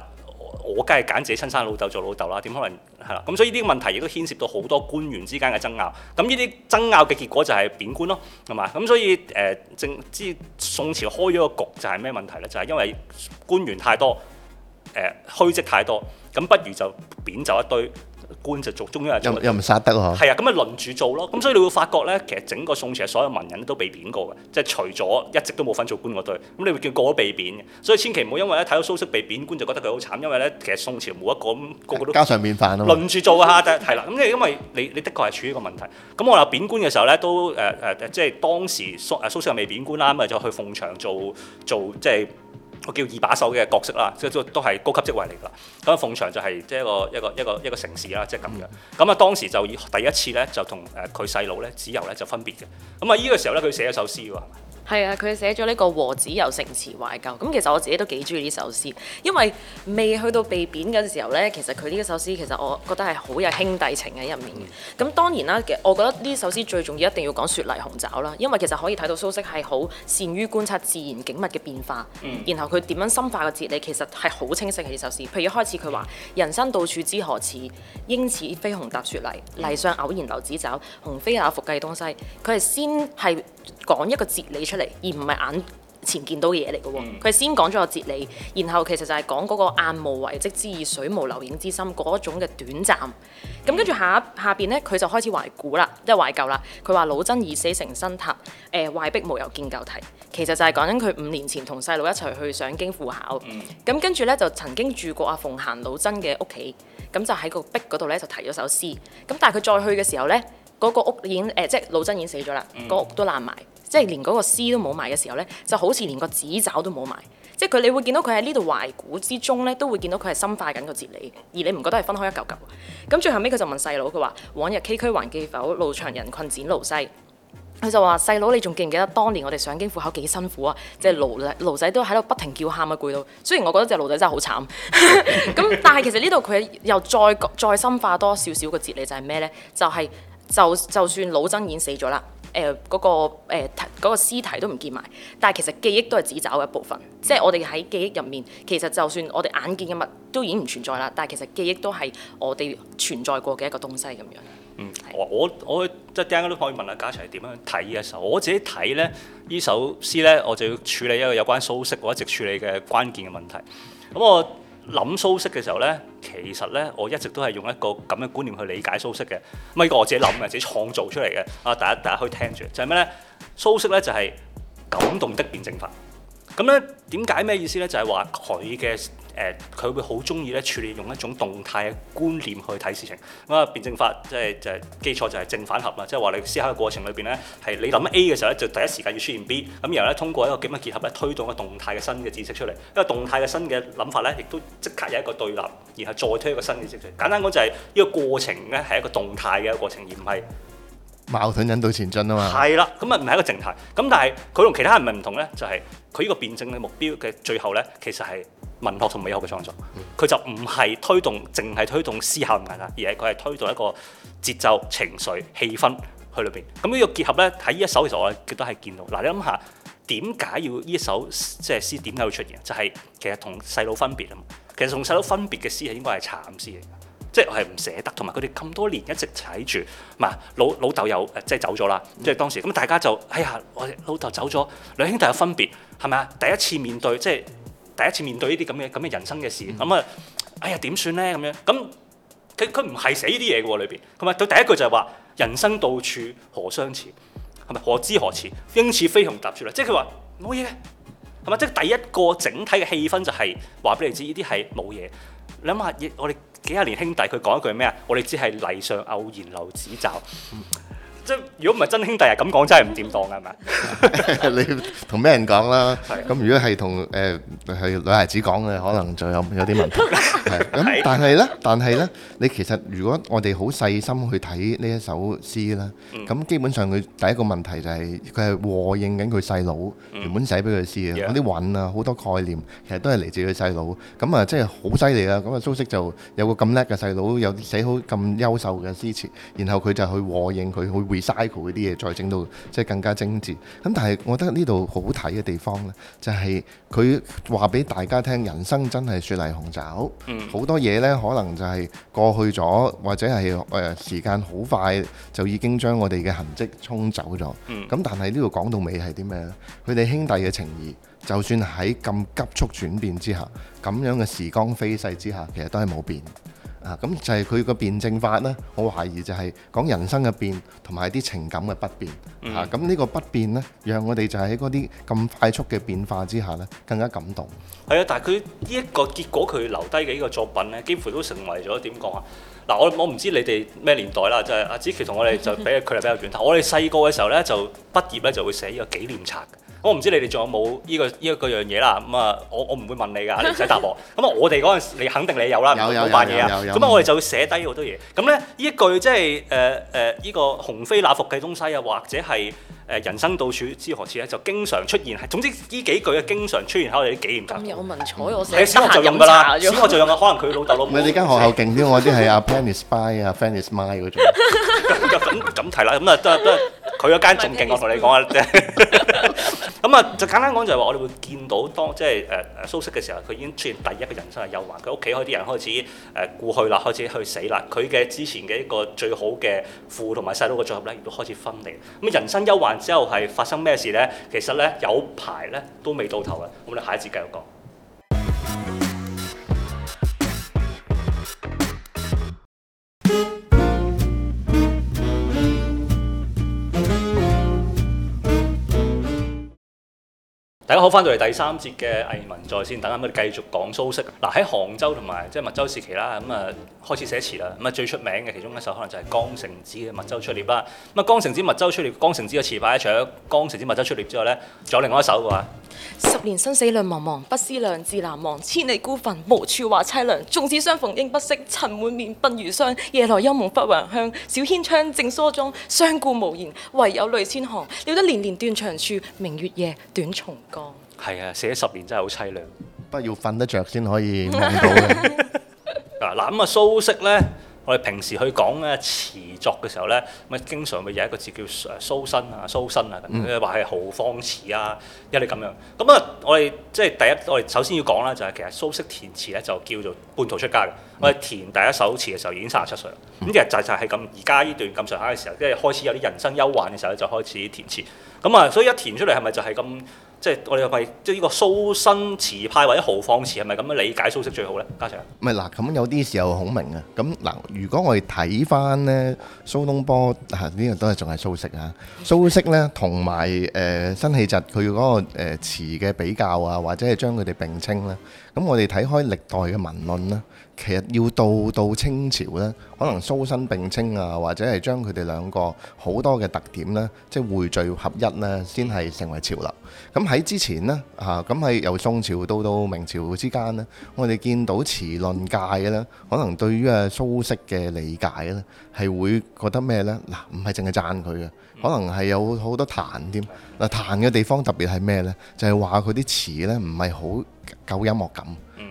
我梗係揀自己親生老豆做老豆啦，點可能係啦？咁所以呢啲問題亦都牽涉到好多官員之間嘅爭拗，咁呢啲爭拗嘅結果就係貶官咯，係嘛？咁所以誒正之宋朝開咗個局就係咩問題呢？就係、是、因為官員太多，誒、呃、虛職太多，咁不如就貶走一堆。官就做，終於又唔殺得咯？係 啊，咁咪輪住做咯。咁所以你會發覺咧，其實整個宋朝所有文人都被貶過嘅，即係除咗一直都冇份做官嗰對，咁你會見過咗被貶嘅。所以千祈唔好因為咧睇到蘇軾被貶官就覺得佢好慘，因為咧其實宋朝冇一個咁個個都家常便飯咯。輪住做啊！但係啦，咁因為你你的確係處於個問題。咁我話貶官嘅時候咧，都誒誒，即係當時蘇蘇軾又未貶官啦，咁就去鳳翔做做，做即係。個叫二把手嘅角色啦，即係都都係高級職位嚟㗎。咁啊，鳳翔就係即係一個一個一個一個城市啦，即係咁樣，咁啊，當時就以第一次咧，就同誒佢細佬咧子由咧就分別嘅。咁啊，呢個時候咧，佢寫咗首詩㗎。係啊，佢寫咗呢、這個《和子由城池懷舊》。咁其實我自己都幾中意呢首詩，因為未去到被貶嗰陣時候呢，其實佢呢一首詩其實我覺得係好有兄弟情喺入面嘅。咁當然啦，我覺得呢首詩最重要一定要講雪泥鴻爪啦，因為其實可以睇到蘇軾係好善於觀察自然景物嘅變化。嗯、然後佢點樣深化個哲理，其實係好清晰嘅呢首詩。譬如一開始佢話：人生到處知何似，應似飛鴻踏雪泥，泥上偶然留指爪；鴻飛那復計東西。佢係先係，講一個哲理出嚟，而唔係眼前見到嘅嘢嚟嘅喎。佢、嗯、先講咗個哲理，然後其實就係講嗰、那個「雁無遺跡之意，水無留影之心」嗰種嘅短暫。咁跟住下下邊呢，佢就開始懷古啦，即係懷舊啦。佢話，老僧已死成新塔，誒、呃、壞壁無由見舊題。其實就係講緊佢五年前同細佬一齊去上京赴考，咁跟住呢，就曾經住過阿奉閑老僧嘅屋企，咁就喺個壁嗰度呢，就題咗首詩。咁但係佢再去嘅時候呢。嗰個屋已經誒、呃，即係老僧已經死咗啦，嗯、個屋都爛埋，即係連嗰個屍都冇埋嘅時候呢，就好似連個紙紮都冇埋，即係佢你會見到佢喺呢度懷古之中呢，都會見到佢係深化緊個哲理，而你唔覺得係分開一嚿嚿。咁最後尾佢就問細佬，佢話：往日崎嶇還記否？路長人困蹇驢嘶。佢就話：細佬，你仲記唔記得當年我哋上京赴考幾辛苦啊？即係驢仔都喺度不停叫喊啊，攰到。雖然我覺得隻驢仔真係好慘，咁 但係其實呢度佢又再再深化多少少個哲理就係咩呢？就係、是。就就算老曾已經死咗啦，誒、呃、嗰、那個誒嗰、呃那個屍體都唔見埋，但係其實記憶都係泥爪嘅一部分，即係、嗯、我哋喺記憶入面，其實就算我哋眼見嘅物都已經唔存在啦，但係其實記憶都係我哋存在過嘅一個東西咁樣。嗯，我我即係陣間都可以問下家齊係點樣睇嘅時候。我自己睇咧呢首詩呢，我就要處理一個有關蘇軾我一直處理嘅關鍵嘅問題。咁我諗蘇軾嘅時候呢，其實呢，我一直都係用一個咁嘅觀念去理解蘇軾嘅。咪呢個我自己諗嘅，自己創造出嚟嘅。啊，大家大家可以聽住，就係咩呢？蘇軾呢就係感動的辯證法。咁呢，點解咩意思呢？就係話佢嘅。誒，佢會好中意咧處理用一種動態嘅觀念去睇事情咁啊。辯證法即係就係基礎，就係正反合啦。即係話你思考嘅過程裏邊咧，係你諗 A 嘅時候咧，就第一時間要出現 B 咁，然後咧通過一個點樣結合咧，推動一個動態嘅新嘅知識出嚟。因為動態嘅新嘅諗法咧，亦都即刻有一個對立，然後再推一個新嘅知識。簡單講就係呢個過程咧，係一個動態嘅過程，而唔係矛盾引導前進啊嘛。係啦，咁啊唔係一個靜態咁，但係佢同其他人唔同咧，就係佢呢個辯證嘅目標嘅最後咧，其實係。文學同美好嘅創作，佢就唔係推動，淨係推動思考唔能力，而係佢係推動一個節奏、情緒、氣氛去裏邊。咁、嗯、呢、這個結合咧，喺呢一首其實我覺都係見到。嗱，你諗下點解要呢首即係詩點解會出現？就係其實同細佬分別啊嘛。其實同細佬分別嘅詩係應該係慘詩嚟嘅，即係係唔捨得，同埋佢哋咁多年一直踩住。嘛，老老豆又即係走咗啦，即係當時咁，嗯嗯、大家就哎呀，我哋老豆走咗，兩兄弟有分別，係咪啊？第一次面對即係。即第一次面對呢啲咁嘅咁嘅人生嘅事，咁啊、嗯嗯，哎呀點算咧咁樣？咁佢佢唔係寫呢啲嘢嘅喎裏邊，佢咪第一句就係話人生到處何相似，係咪何知何似應似飛鴻踏雪來？即係佢話冇嘢，係咪？即係第一個整體嘅氣氛就係話俾你知，呢啲係冇嘢。你諗下，我哋幾廿年兄弟，佢講一句咩啊？我哋只係泥上偶然留指爪。即如果唔係真兄弟啊，咁講真係唔掂當嘅係咪？你同咩人講啦？咁的如果係同誒係女孩子講嘅，可能就有有啲問題。 但係呢， 但係咧，你其實如果我哋好細心去睇呢一首詩啦，咁、嗯、基本上佢第一個問題就係佢係和應緊佢細佬原本寫俾佢詩嘅嗰啲韻啊，好 Yeah. 多概念其實都係嚟自佢細佬。咁啊，即係好犀利啊！咁啊，蘇軾就有個咁叻嘅細佬，有啲寫好咁優秀嘅詩詞，然後佢就去和應佢去。啲嘢再整到即係更加精緻，咁但係我覺得呢度好睇嘅地方呢，就係佢話俾大家聽，人生真係雪泥鴻爪。好、嗯、多嘢呢，可能就係過去咗，或者係誒時間好快就已經將我哋嘅痕跡沖走咗。咁、嗯、但係呢度講到尾係啲咩咧？佢哋兄弟嘅情義，就算喺咁急速轉變之下，咁樣嘅時光飛逝之下，其實都係冇變。啊，咁就係佢個辯證法咧，我懷疑就係講人生嘅變，同埋啲情感嘅不變。嚇、嗯，咁呢、啊這個不變咧，讓我哋就係喺嗰啲咁快速嘅變化之下咧，更加感動。係啊，但係佢呢一個結果，佢留低嘅呢個作品咧，幾乎都成為咗點講啊？嗱，我我唔知你哋咩年代啦，啊、就係阿紫翹同我哋就比較距離比較遠。但我哋細個嘅時候咧，就畢業咧就會寫呢個紀念冊。我唔知你哋仲有冇呢個呢一個樣嘢啦，咁啊，我我唔會問你噶，你唔使答我。咁啊，我哋嗰陣時你肯定你有啦，唔好扮嘢啊。咁啊，我哋就會寫低好多嘢。咁咧，呢一句即係誒誒，呢、呃呃這個鴻飛那復嘅東西啊，或者係。誒人生到處知何處咧，就經常出現係。總之呢幾句嘅經常出現喺我哋啲紀念冊。有日文采，我成日都用㗎啦。史學就用啊，可能佢老豆老母。你間學校勁啲，我啲係啊 f r i e n s p y 啊 f r i e n s my 嗰種。咁咁提啦，咁啊都都佢嗰間仲勁。我同你講啊，即咁啊，就簡單講就係話，我哋會見到當即係誒誒蘇軾嘅時候，佢已經出現第一個人生嘅憂患。佢屋企開啲人開始誒故去啦，開始去死啦。佢嘅之前嘅一個最好嘅父同埋細佬嘅聚合咧，亦都開始分離。咁人生憂患。之後係發生咩事咧？其實咧，有排咧都未到頭嘅，咁我哋下一節繼續講。大家好，翻到嚟第三節嘅藝文在線，等下我哋繼續講蘇軾。嗱，喺杭州同埋即係密州時期啦，咁啊開始寫詞啦。咁啊最出名嘅其中一首可能就係《江城子》嘅密州出獵啦。咁啊《江城子》密州出獵，《江城子》嘅詞牌除咗《江城子》密州出獵之外呢，仲有另外一首嘅話。十年生死兩茫茫，不思量，自難忘。千里孤墳無處話凄涼。縱使相逢應不識，塵滿面，鬢如霜。夜來幽夢忽還鄉。小軒窗，正梳妝，相顧無言，唯有淚千行。料得年年斷腸處，明月夜，短松崗。」係啊，寫十年真係好凄涼。不過要瞓得着先可以諗到嘅。嗱，咁啊蘇軾咧，我哋平時去講咧詞作嘅時候咧，咪經常會有一個字叫蘇生啊，蘇生啊，佢話係豪放詞啊，一啲咁樣。咁啊，我哋即係第一，我哋首先要講啦，就係其實蘇軾填詞咧就叫做半途出家嘅。我哋填第一首詞嘅時候已經三十七歲啦。咁其實就就係咁，而家呢段咁上下嘅時候，即係開始有啲人生憂患嘅時候咧，就開始填詞。咁啊，所以一填出嚟係咪就係咁？即係我哋係即係呢個蘇辛詞派或者豪放詞係咪咁樣理解蘇軾最好咧？家齊，唔係嗱，咁有啲時候好明啊。咁嗱，如果我哋睇翻咧蘇東坡嚇，呢個都係仲係蘇軾啊。這個、蘇軾咧同埋誒辛棄疾佢嗰個誒詞嘅比較啊，或者係將佢哋並稱啦、啊。咁我哋睇開歷代嘅文論啦、啊。其實要到到清朝呢，可能蘇辛並稱啊，或者係將佢哋兩個好多嘅特點呢，即係匯聚合一呢，先係成為潮流。咁喺之前呢，嚇、啊，咁係由宋朝到到明朝之間呢，我哋見到詞論界嘅咧，可能對於啊蘇軾嘅理解呢，係會覺得咩呢？嗱、啊，唔係淨係讚佢嘅，可能係有好多彈添，嗱，彈嘅地方，特別係咩呢？就係話佢啲詞呢，唔係好夠音樂感，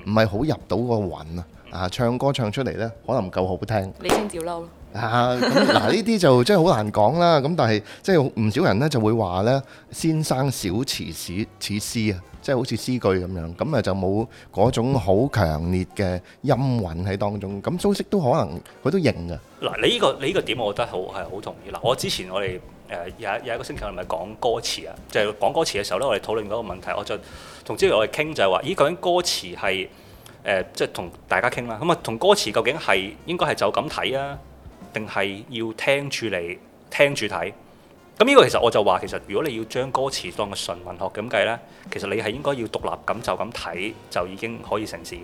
唔係好入到個韻啊。啊，唱歌唱出嚟呢，可能唔夠好聽。你先照嬲咯。嗱、啊，呢、嗯、啲、啊、就真係好難講啦。咁 但係，即係唔少人呢就會話呢，「先生小詞似似詩啊，即係好似詩句咁樣，咁、嗯、啊就冇嗰種好強烈嘅音韻喺當中。咁蘇軾都可能佢都認㗎。嗱、這個，你呢個你呢個點，我覺得好係好同意。嗱，我之前我哋誒有一有一個星期係咪講歌詞啊？就係、是、講歌詞嘅時候呢，我哋討論嗰個問題，我就同朝我哋傾就係、是、話，咦，究竟歌詞係？誒、呃，即係同大家傾啦。咁、嗯、啊，同歌詞究竟係應該係就咁睇啊，定係要聽住嚟聽住睇？咁呢個其實我就話，其實如果你要將歌詞當個純文學咁計呢，其實你係應該要獨立咁就咁睇，就已經可以成事嘅。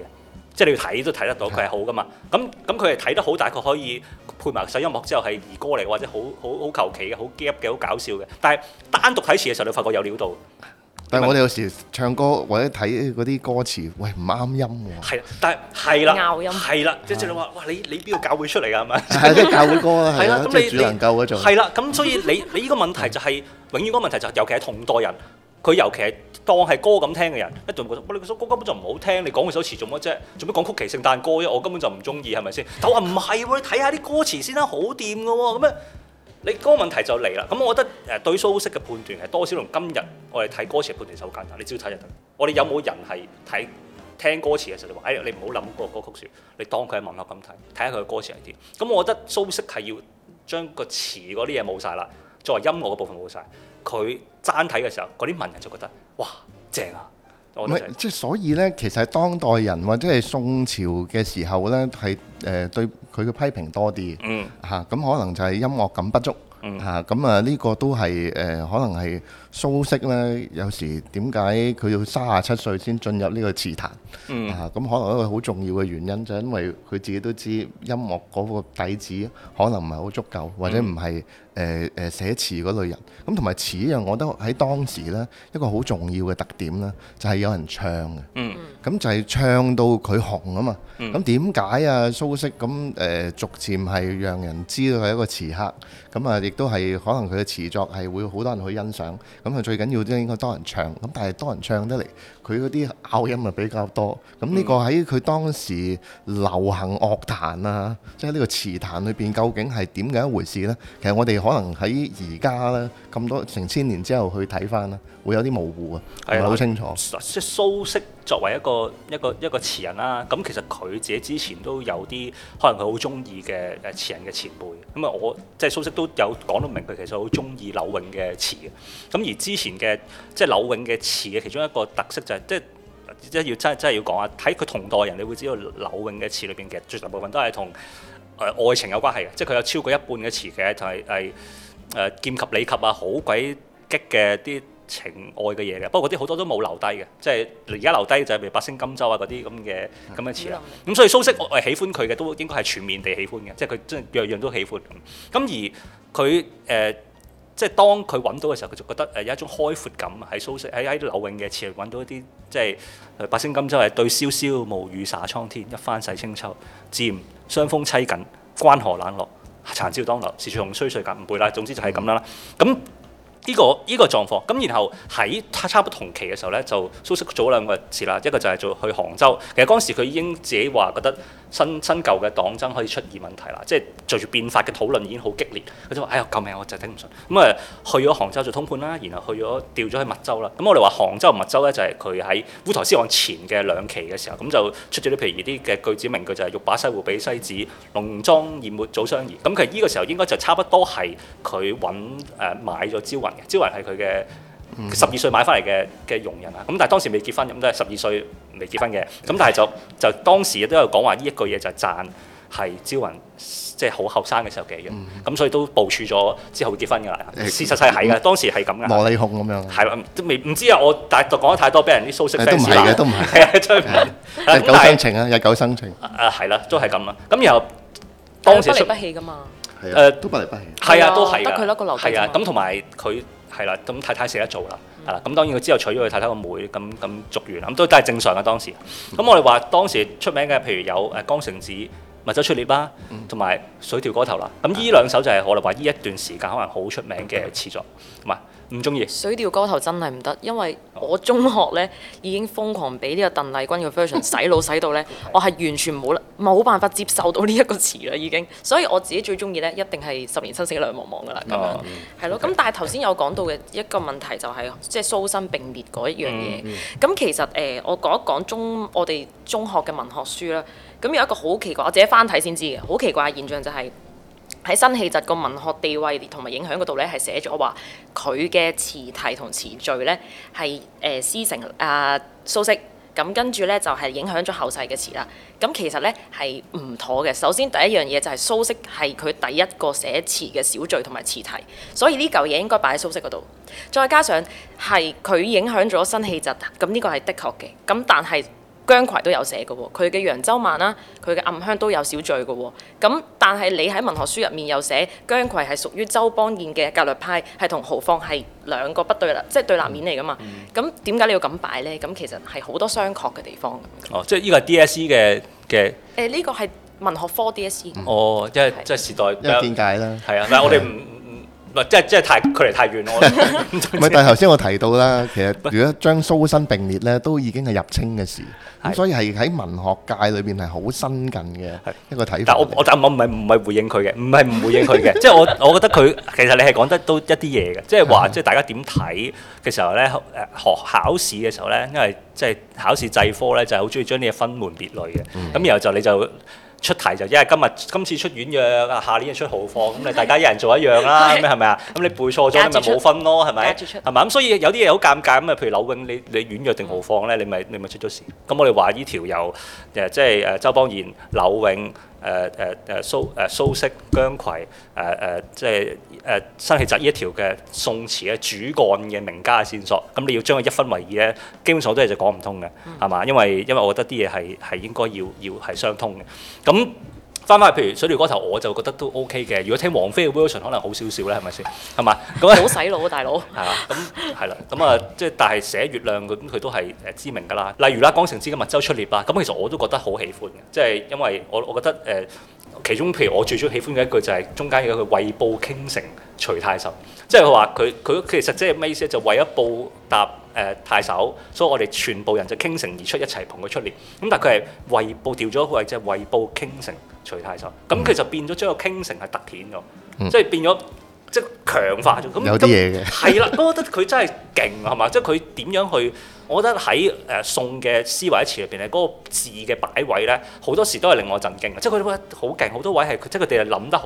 即係你要睇都睇得到佢係好㗎嘛。咁咁佢係睇得好，大概可以配埋首音樂之後係兒歌嚟，或者好好好求其嘅好 gap 嘅好搞笑嘅。但係單獨睇詞嘅時候，你發覺有料到。但係我哋有時唱歌或者睇嗰啲歌詞，喂唔啱音喎。係，但係係啦，拗音係啦，即係你話，你你邊個教會出嚟㗎？係咪係啲教會歌啊？係啦，咁你你係啦，咁所以你你呢個問題就係、是、永遠嗰個問題就係、是，尤其係同代人，佢尤其係當係歌咁聽嘅人，一頓覺得你首歌根本就唔好聽，你講嘅首詞做乜啫？做乜講曲奇聖誕歌啫？我根本就唔中意，係咪先？但係唔係喎？睇下啲歌詞先啦，好掂㗎喎，咁樣。你嗰個問題就嚟啦，咁我覺得誒對蘇軾嘅判斷係多少同今日我哋睇歌詞嘅判斷就好簡單，你只要睇就得。我哋有冇人係睇聽歌詞嘅時候話，哎呀，你唔好諗個歌曲書，你當佢係文學咁睇，睇下佢嘅歌詞係點。咁我覺得蘇軾係要將個詞嗰啲嘢冇晒啦，作為音樂嘅部分冇晒。佢爭睇嘅時候，嗰啲文人就覺得哇正啊！即係所以呢，其實當代人或者係宋朝嘅時候呢，係誒對佢嘅批評多啲，嗯，嚇咁可能就係音樂感不足，嗯這這，咁啊呢個都係誒可能係蘇軾呢，有時點解佢要三十七歲先進入呢個詞壇，嗯，咁可能一個好重要嘅原因就係因為佢自己都知音樂嗰個底子可能唔係好足夠，嗯、或者唔係。誒誒、呃、寫詞嗰類人，咁同埋詞一樣，我覺得喺當時呢，一個好重要嘅特點呢，就係、是、有人唱嘅。嗯，咁就係唱到佢紅啊嘛。咁點解啊？蘇軾咁誒逐漸係讓人知道佢係一個詞客，咁、嗯、啊亦都係可能佢嘅詞作係會好多人去欣賞。咁、嗯、啊最緊要都應該多人唱。咁但係多人唱得嚟，佢嗰啲拗音啊比較多。咁、嗯、呢、嗯、個喺佢當時流行樂壇啊，即係呢個詞壇裏邊，究竟係點嘅一回事呢？其實我哋。可能喺而家咧咁多成千年之後去睇翻啦，會有啲模糊啊，唔係好清楚。即蘇軾作為一個一個一個詞人啦，咁其實佢自己之前都有啲可能佢好中意嘅誒詞人嘅前輩。咁啊，我即蘇軾都有講到明，佢其實好中意柳永嘅詞嘅。咁而之前嘅即柳永嘅詞嘅其中一個特色就係、即係、即即要真係真係要講啊，睇佢同代人，你會知道柳永嘅詞裏邊嘅實絕大部分都係同。誒、呃、愛情有關係嘅，即係佢有超過一半嘅詞嘅，就係係誒劍及履及啊，好鬼激嘅啲情愛嘅嘢嘅。不過啲好多都冇留低嘅，即係而家留低就係譬如《八聲甘州》啊嗰啲咁嘅咁嘅詞啦。咁、嗯嗯、所以蘇軾、嗯、我係喜歡佢嘅，都應該係全面地喜歡嘅，即係佢真係樣樣都喜歡。咁、嗯、而佢誒。呃.即係當佢揾到嘅時候，佢就覺得誒有一種開闊感，喺蘇軾喺喺柳永嘅詞嚟揾到一啲即係八聲甘州係，對瀟瀟暮雨灑蒼天，一番洗清秋，漸霜風凄緊，關河冷落，殘照當樓，是處紅衰翠，咁，唔背啦。總之就係咁啦。咁呢、這個呢、這個狀況，咁然後喺差不同期嘅時候呢，就蘇軾早兩個字啦，一個就係做去杭州。其實嗰時佢已經自己話覺得新新舊嘅黨爭可以出現問題啦，即係隨住變法嘅討論已經好激烈，佢就話：哎呀，救命！我就係頂唔順。咁、嗯、啊，去咗杭州做通判啦，然後去咗調咗去密州啦。咁、嗯、我哋話杭州、密州呢，就係佢喺烏台詩案前嘅兩期嘅時候，咁、嗯、就出咗啲譬如啲嘅句子名句就係、是：欲把西湖比西子，濃妝豔抹總相宜。咁、嗯、其實呢個時候應該就差不多係佢揾誒買咗焦朝雲係佢嘅十二歲買翻嚟嘅嘅傭人啊，咁但係當時未結婚，咁都係十二歲未結婚嘅，咁但係就就當時都有講話呢一句嘢就讚係朝雲即係好後生嘅時候嘅咁所以都部署咗之後會結婚噶啦。事實係係噶，當時係咁噶。蘿莉控咁樣。係啦，都未唔知啊！我但係講得太多，俾人啲蘇軾，friend 都唔係都唔係。係啊，真係日久生情啊，日久生情。啊，係啦，都係咁啊。咁然後當時出不離不棄噶嘛。誒都百嚟百現，係啊，都係得啊，咁同埋佢係啦，咁太太死得早啦，係啦、嗯，咁當然佢之後娶咗佢太太個妹，咁咁續弦，咁都都係正常嘅、嗯、當時。咁我哋話當時出名嘅，譬如有誒江城子、密州出獵啦，同埋、嗯、水調歌頭啦。咁呢兩首就係、是嗯、我哋話呢一段時間可能好出名嘅詞作，唔、嗯唔中意《水調歌頭》真係唔得，因為我中學呢已經瘋狂俾呢個鄧麗君嘅 version 洗腦洗到呢， 我係完全冇冇辦法接受到呢一個詞啦已經。所以我自己最中意呢，一定係《十年生死兩茫茫》噶啦咁樣，係咯。咁但係頭先有講到嘅一個問題就係、是，即係蘇生並滅嗰一樣嘢。咁、嗯嗯、其實誒、呃，我講一講中我哋中學嘅文學書啦。咁有一個好奇怪，我自己翻睇先知嘅好奇怪嘅現象就係、是。喺辛棄疾個文學地位同埋影響嗰度咧，係寫咗話佢嘅詞題同詞序咧係誒師承啊蘇軾，咁、呃呃嗯、跟住咧就係、是、影響咗後世嘅詞啦。咁、嗯、其實咧係唔妥嘅。首先第一樣嘢就係蘇軾係佢第一個寫詞嘅小序同埋詞題，所以呢嚿嘢應該擺喺蘇軾嗰度。再加上係佢影響咗辛棄疾，咁呢個係的確嘅。咁、嗯、但係。姜夔都有寫嘅喎，佢嘅《揚州慢》啦，佢嘅《暗香》都有小序嘅喎。咁但係你喺文學書入面又寫姜夔係屬於周邦彥嘅格律派，係同豪放係兩個不對立，即、就、係、是、對立面嚟嘅嘛。咁點解你要咁擺咧？咁其實係好多商榷嘅地方。哦，即係呢個係 DSE 嘅嘅。誒，呢個係文學科 DSE、嗯。哦，是即係即係時代。一個見解啦，係啊，唔係我哋唔。即係即係太距離太遠咯。唔係， 但係頭先我提到啦，其實如果將蘇辛並列咧，都已經係入清嘅事，咁 所以係喺文學界裏邊係好新近嘅一個睇法。但 我我我唔係唔係回應佢嘅，唔係唔回應佢嘅， 即係我我覺得佢其實你係講得都一啲嘢嘅，即係話即係大家點睇嘅時候咧，誒學考試嘅時候咧，因為即係考試制科咧就係好中意將啲嘢分門別類嘅，咁 然後就你就。出題就因為今日今次出婉約，下年就出豪放，咁你大家一人做一樣啦，咁係咪啊？咁 你背錯咗，你咪冇分咯，係咪？係咪？咁所以有啲嘢好尷尬咁啊！譬如柳永，你你婉約定豪放咧？你咪你咪出咗事。咁 我哋話呢條由誒即係誒周邦彥、柳永、誒誒誒蘇誒、啊、蘇軾、姜、啊、夔，誒誒即係。啊啊啊就是誒辛棄疾呢一條嘅宋詞嘅主幹嘅名家嘅線索，咁、嗯、你要將佢一分為二咧，基本上好多嘢就講唔通嘅，係嘛？因為因為我覺得啲嘢係係應該要要係相通嘅。咁翻翻去譬如水調歌頭，我就覺得都 OK 嘅。如果聽王菲嘅 version，可能好少少咧，係咪先？係嘛？ 咁好洗腦啊，大佬。 係啊，咁係啦，咁啊，即係但係寫月亮佢佢都係誒知名噶啦。例如啦，江城子今密州出獵啊，咁其實我都覺得好喜歡嘅，即、就、係、是、因為我我覺得誒。呃呃呃其中譬如我最中喜歡嘅一句就係中間有個為報傾城隨太守，即係話佢佢其實即係咩意思？就為咗報答誒、呃、太守，所以我哋全部人就傾城而出一齊同佢出獵。咁、嗯、但係佢係為報掉咗，佢為即係為報傾城隨太守，咁佢就變咗將個傾城係突顯咗，嗯、即係變咗。即係強化咗，咁、嗯、有啲嘢嘅係啦。我覺得佢真係勁係嘛，即係佢點樣去？我覺得喺誒宋嘅詩或詞入邊咧，嗰、嗰個字嘅擺位咧，好多時都係令我震驚嘅。即係佢覺得好勁，好多位係即係佢哋係諗得好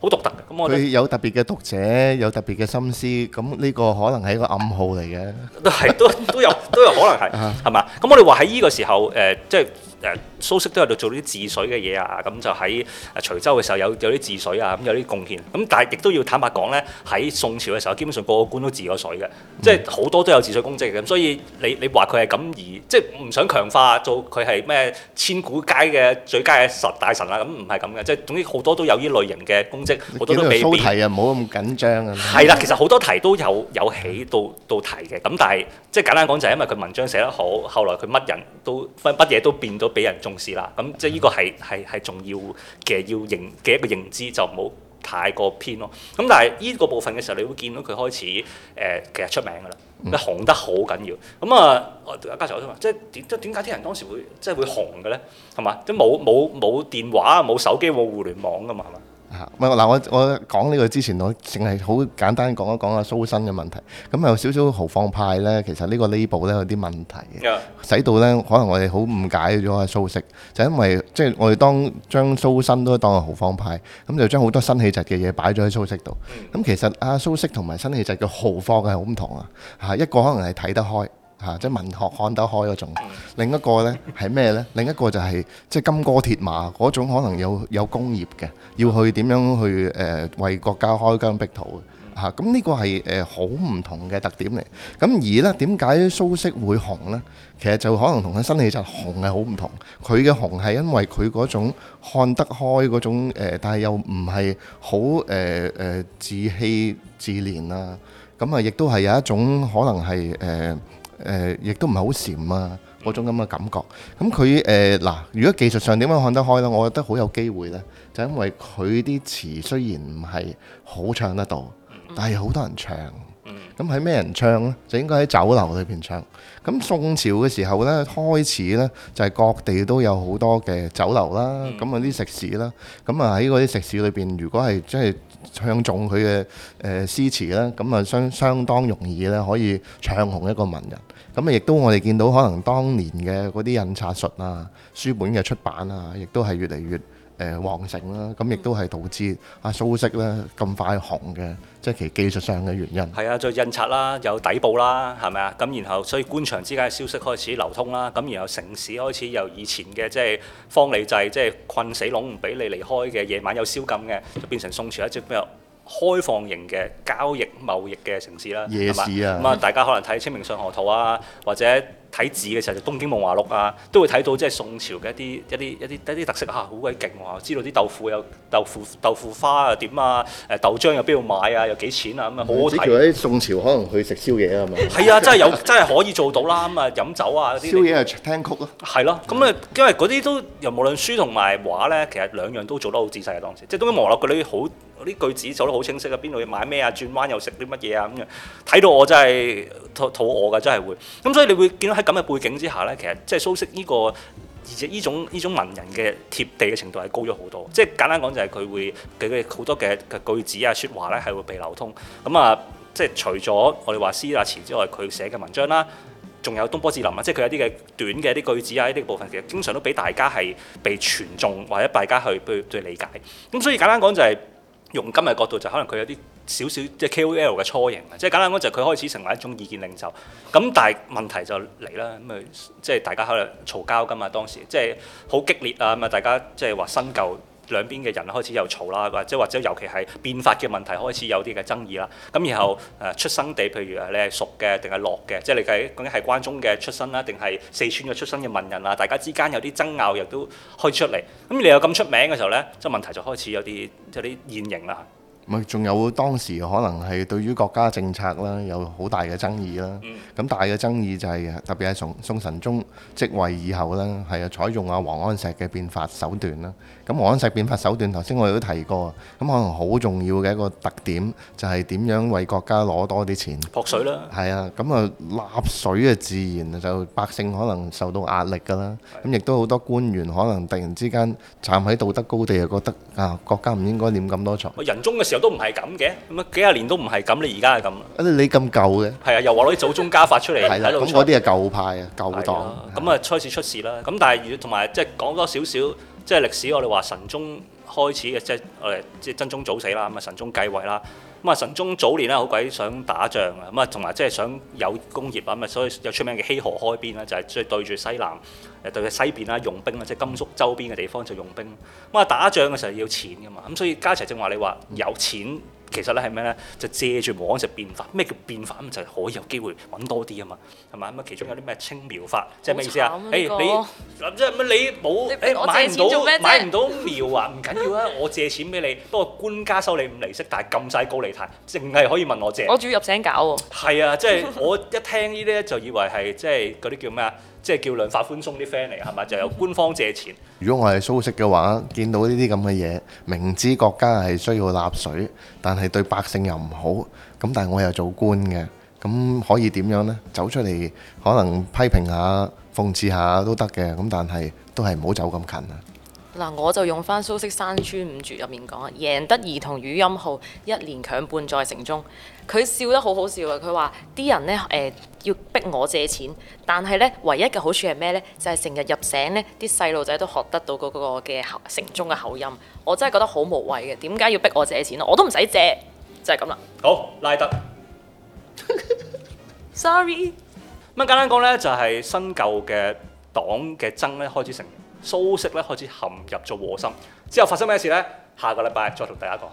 好獨特咁、嗯、我哋有特別嘅讀者，有特別嘅心思，咁呢個可能係一個暗號嚟嘅。 都係都都有都有可能係係嘛？咁 我哋話喺呢個時候誒、呃，即係誒。呃蘇軾都喺度做啲治水嘅嘢啊，咁就喺徐州嘅時候有有啲治水啊，咁有啲貢獻。咁但係亦都要坦白講呢，喺宋朝嘅時候，基本上個個官都治過水嘅，即係好多都有治水功績嘅。咁所以你你話佢係咁而即係唔想強化做佢係咩千古佳嘅最佳嘅十大神啊。咁唔係咁嘅。即係總之好多都有呢類型嘅功績，好多都未必。係啊，冇咁緊張啊。係啦，其實好多題都有有起到到題嘅。咁但係即係簡單講就係因為佢文章寫得好，後來佢乜人都乜嘢都變咗俾人中。同事啦，咁、嗯、即係依個係係係重要嘅，要認嘅一個認知，就唔好太過偏咯。咁、嗯、但係呢個部分嘅時候，你會見到佢開始誒、呃，其實出名噶啦，紅得好緊要。咁、嗯、啊，阿家齊我想問，即係點即係點解啲人當時會即係會紅嘅咧？係嘛，即冇冇冇電話冇手機，冇互聯網噶嘛，係嘛？唔係嗱，我我講呢個之前，我淨係好簡單講一講阿蘇軾嘅問題。咁有少少豪放派呢，其實呢個 label 呢有啲問題嘅，使到呢可能我哋好誤解咗阿蘇軾，就係、因為即係、就係、我哋當將蘇軾都當係豪放派，咁就將好多辛棄疾嘅嘢擺咗喺蘇軾度。咁其實阿蘇軾同埋辛棄疾嘅豪放係好唔同啊！嚇，一個可能係睇得開。嚇，即係文學看得開嗰種。另一個呢係咩呢？另一個就係即係金戈鐵馬嗰種，可能有有工業嘅，要去點樣去誒為國家開疆闢土嘅嚇。咁呢個係誒好唔同嘅特點嚟。咁而呢點解蘇軾會紅呢？其實就可能同佢辛棄疾紅係好唔同。佢嘅紅係因為佢嗰種看得開嗰種誒，但係又唔係好誒誒自欺自憐啊。咁啊，亦都係有一種可能係誒。誒，亦、呃、都唔係好閃啊，嗰種咁嘅感覺。咁佢誒嗱，如果技術上點樣看得開呢？我覺得好有機會呢，就因為佢啲詞雖然唔係好唱得到，但係好多人唱。咁喺咩人唱呢？就應該喺酒樓裏邊唱。咁宋朝嘅時候呢，開始呢，就係、係、各地都有好多嘅酒樓啦，咁嗰啲食肆啦。咁啊喺嗰啲食肆裏邊，如果係即係。就係唱誦佢嘅誒詩詞啦，咁啊相相當容易咧，可以唱紅一個文人。咁啊，亦都我哋見到，可能當年嘅嗰啲印刷術啊、書本嘅出版啊，亦都係越嚟越。誒皇城啦，咁亦都係導致阿蘇軾咧咁快紅嘅，即係其實技術上嘅原因。係啊，再印刷啦，有底部啦，係咪啊？咁然後所以官場之間嘅消息開始流通啦，咁然後城市開始由以前嘅即係坊裏制，即係困死籠唔俾你離開嘅夜晚有宵禁嘅，就變成宋朝一直咩啊開放型嘅交易貿易嘅城市啦，夜市啊。咁啊，大家可能睇清明上河圖啊，或者。睇字嘅時候就《東京夢華錄》啊，都會睇到即係宋朝嘅一啲一啲一啲一啲特色啊。好鬼勁喎！知道啲豆腐有豆腐豆腐花啊點啊，誒豆漿又邊度買啊，又幾錢啊咁啊。我指住喺宋朝可能去食宵夜啊嘛。係啊，真係有 真係可以做到啦！咁、嗯、啊飲酒啊啲。宵夜係聽曲咯、啊。係咯、啊，咁啊因為嗰啲都又無論書同埋畫咧，其實兩樣都做得好仔細嘅、啊、當時，即係《東京夢華錄》嗰啲好嗰啲句子做得好清晰啊！邊度要買咩啊？轉彎又食啲乜嘢啊？咁啊睇到我真係肚肚餓㗎，真係會。咁所以你會見到喺。咁嘅背景之下呢，其實即係蘇軾呢個而且呢種呢種文人嘅貼地嘅程度係高咗好多。即係簡單講就係佢會佢嘅好多嘅句子啊、說話呢係會被流通。咁、嗯、啊，即係除咗我哋話詩啊詞之外，佢寫嘅文章啦，仲有東坡志林啊，即係佢有啲嘅短嘅啲句子啊，呢啲部分其實經常都俾大家係被傳頌或者大家去對理解。咁所以簡單講就係、是、用今日角度就可能佢有啲。少少即係 KOL 嘅雛形，即係簡單講就佢開始成為一種意見領袖。咁但係問題就嚟啦，咁啊即係大家喺度嘈交㗎嘛當時，即係好激烈啊，咁啊大家即係話新舊兩邊嘅人開始又嘈啦，或者或者尤其係變法嘅問題開始有啲嘅爭議啦。咁然後誒出生地，譬如你係熟嘅定係落嘅，即係你究竟係關中嘅出身啦，定係四川嘅出身嘅文人啊，大家之間有啲爭拗都可以又都開出嚟。咁你又咁出名嘅時候咧，即係問題就開始有啲有啲現形啦。咪仲有當時可能係對於國家政策啦，有好大嘅爭議啦。咁、嗯、大嘅爭議就係、是、特別係宋宋神宗即位以後啦，係啊採用啊王安石嘅變法手段啦。咁王安石變法手段，頭先我哋都提過，咁可能好重要嘅一個特點就係點樣為國家攞多啲錢，撲水啦！係啊，咁啊納水啊，自然就百姓可能受到壓力噶啦。咁亦都好多官員可能突然之間站喺道德高地，就覺得啊國家唔應該念咁多財。我又都唔係咁嘅，咁啊幾十年都唔係咁，你而家係咁。啊，你咁舊嘅？係啊，又話攞啲祖宗家法出嚟，睇到咁嗰啲係舊派啊，舊黨。咁啊，開始出事啦。咁的但係同埋即係講多少少，即係歷史。我哋話神宗開始嘅，即係誒，即係真宗早死啦，咁啊神宗繼位啦。咁啊，神宗早年咧好鬼想打仗啊，咁啊，同埋即係想有工業啊，咁啊，所以有出名嘅熙河開邊咧，就係即係對住西南，誒對住西邊啦，用兵啊，即係甘肅周邊嘅地方就用兵。咁啊，打仗嘅時候要錢㗎嘛，咁所以家齊正話你話有錢。其實咧係咩咧？就借住王安石變法，咩叫變法咁就是、可以有機會揾多啲啊嘛，係咪？咁啊，其中有啲咩青苗法，即係咩意思啊？誒、欸、這個 你諗即係乜？你冇誒買唔到買唔到苗啊？唔緊要啊，我借錢俾你，不過官家收你五釐息，但係咁晒高利貸，淨係可以問我借。我仲要入醒搞喎。係啊，即係、啊就是、我一聽呢啲咧就以為係即係嗰啲叫咩啊？即係叫量化寬鬆啲 friend 嚟，係咪？就有官方借錢。如果我係蘇軾嘅話，見到呢啲咁嘅嘢，明知國家係需要納稅，但係對百姓又唔好，咁但係我又做官嘅，咁可以點樣呢？走出嚟可能批評下、諷刺下都得嘅，咁但係都係唔好走咁近啊！嗱，我就用翻蘇軾《山村五絕》入面講啊，贏得兒童語音號，一年強半在城中。佢笑得好好笑啊。佢話啲人呢誒要逼我借錢，但係呢唯一嘅好處係咩呢？就係成日入城呢啲細路仔都學得到嗰個嘅口城中嘅口音。我真係覺得好無謂嘅，點解要逼我借錢咯？我都唔使借，就係咁啦。好拉得 ，sorry。咁簡單講咧，就係新舊嘅黨嘅爭呢開始成，蘇軾呢開始陷入咗核心。之後發生咩事呢？下個禮拜再同大家講。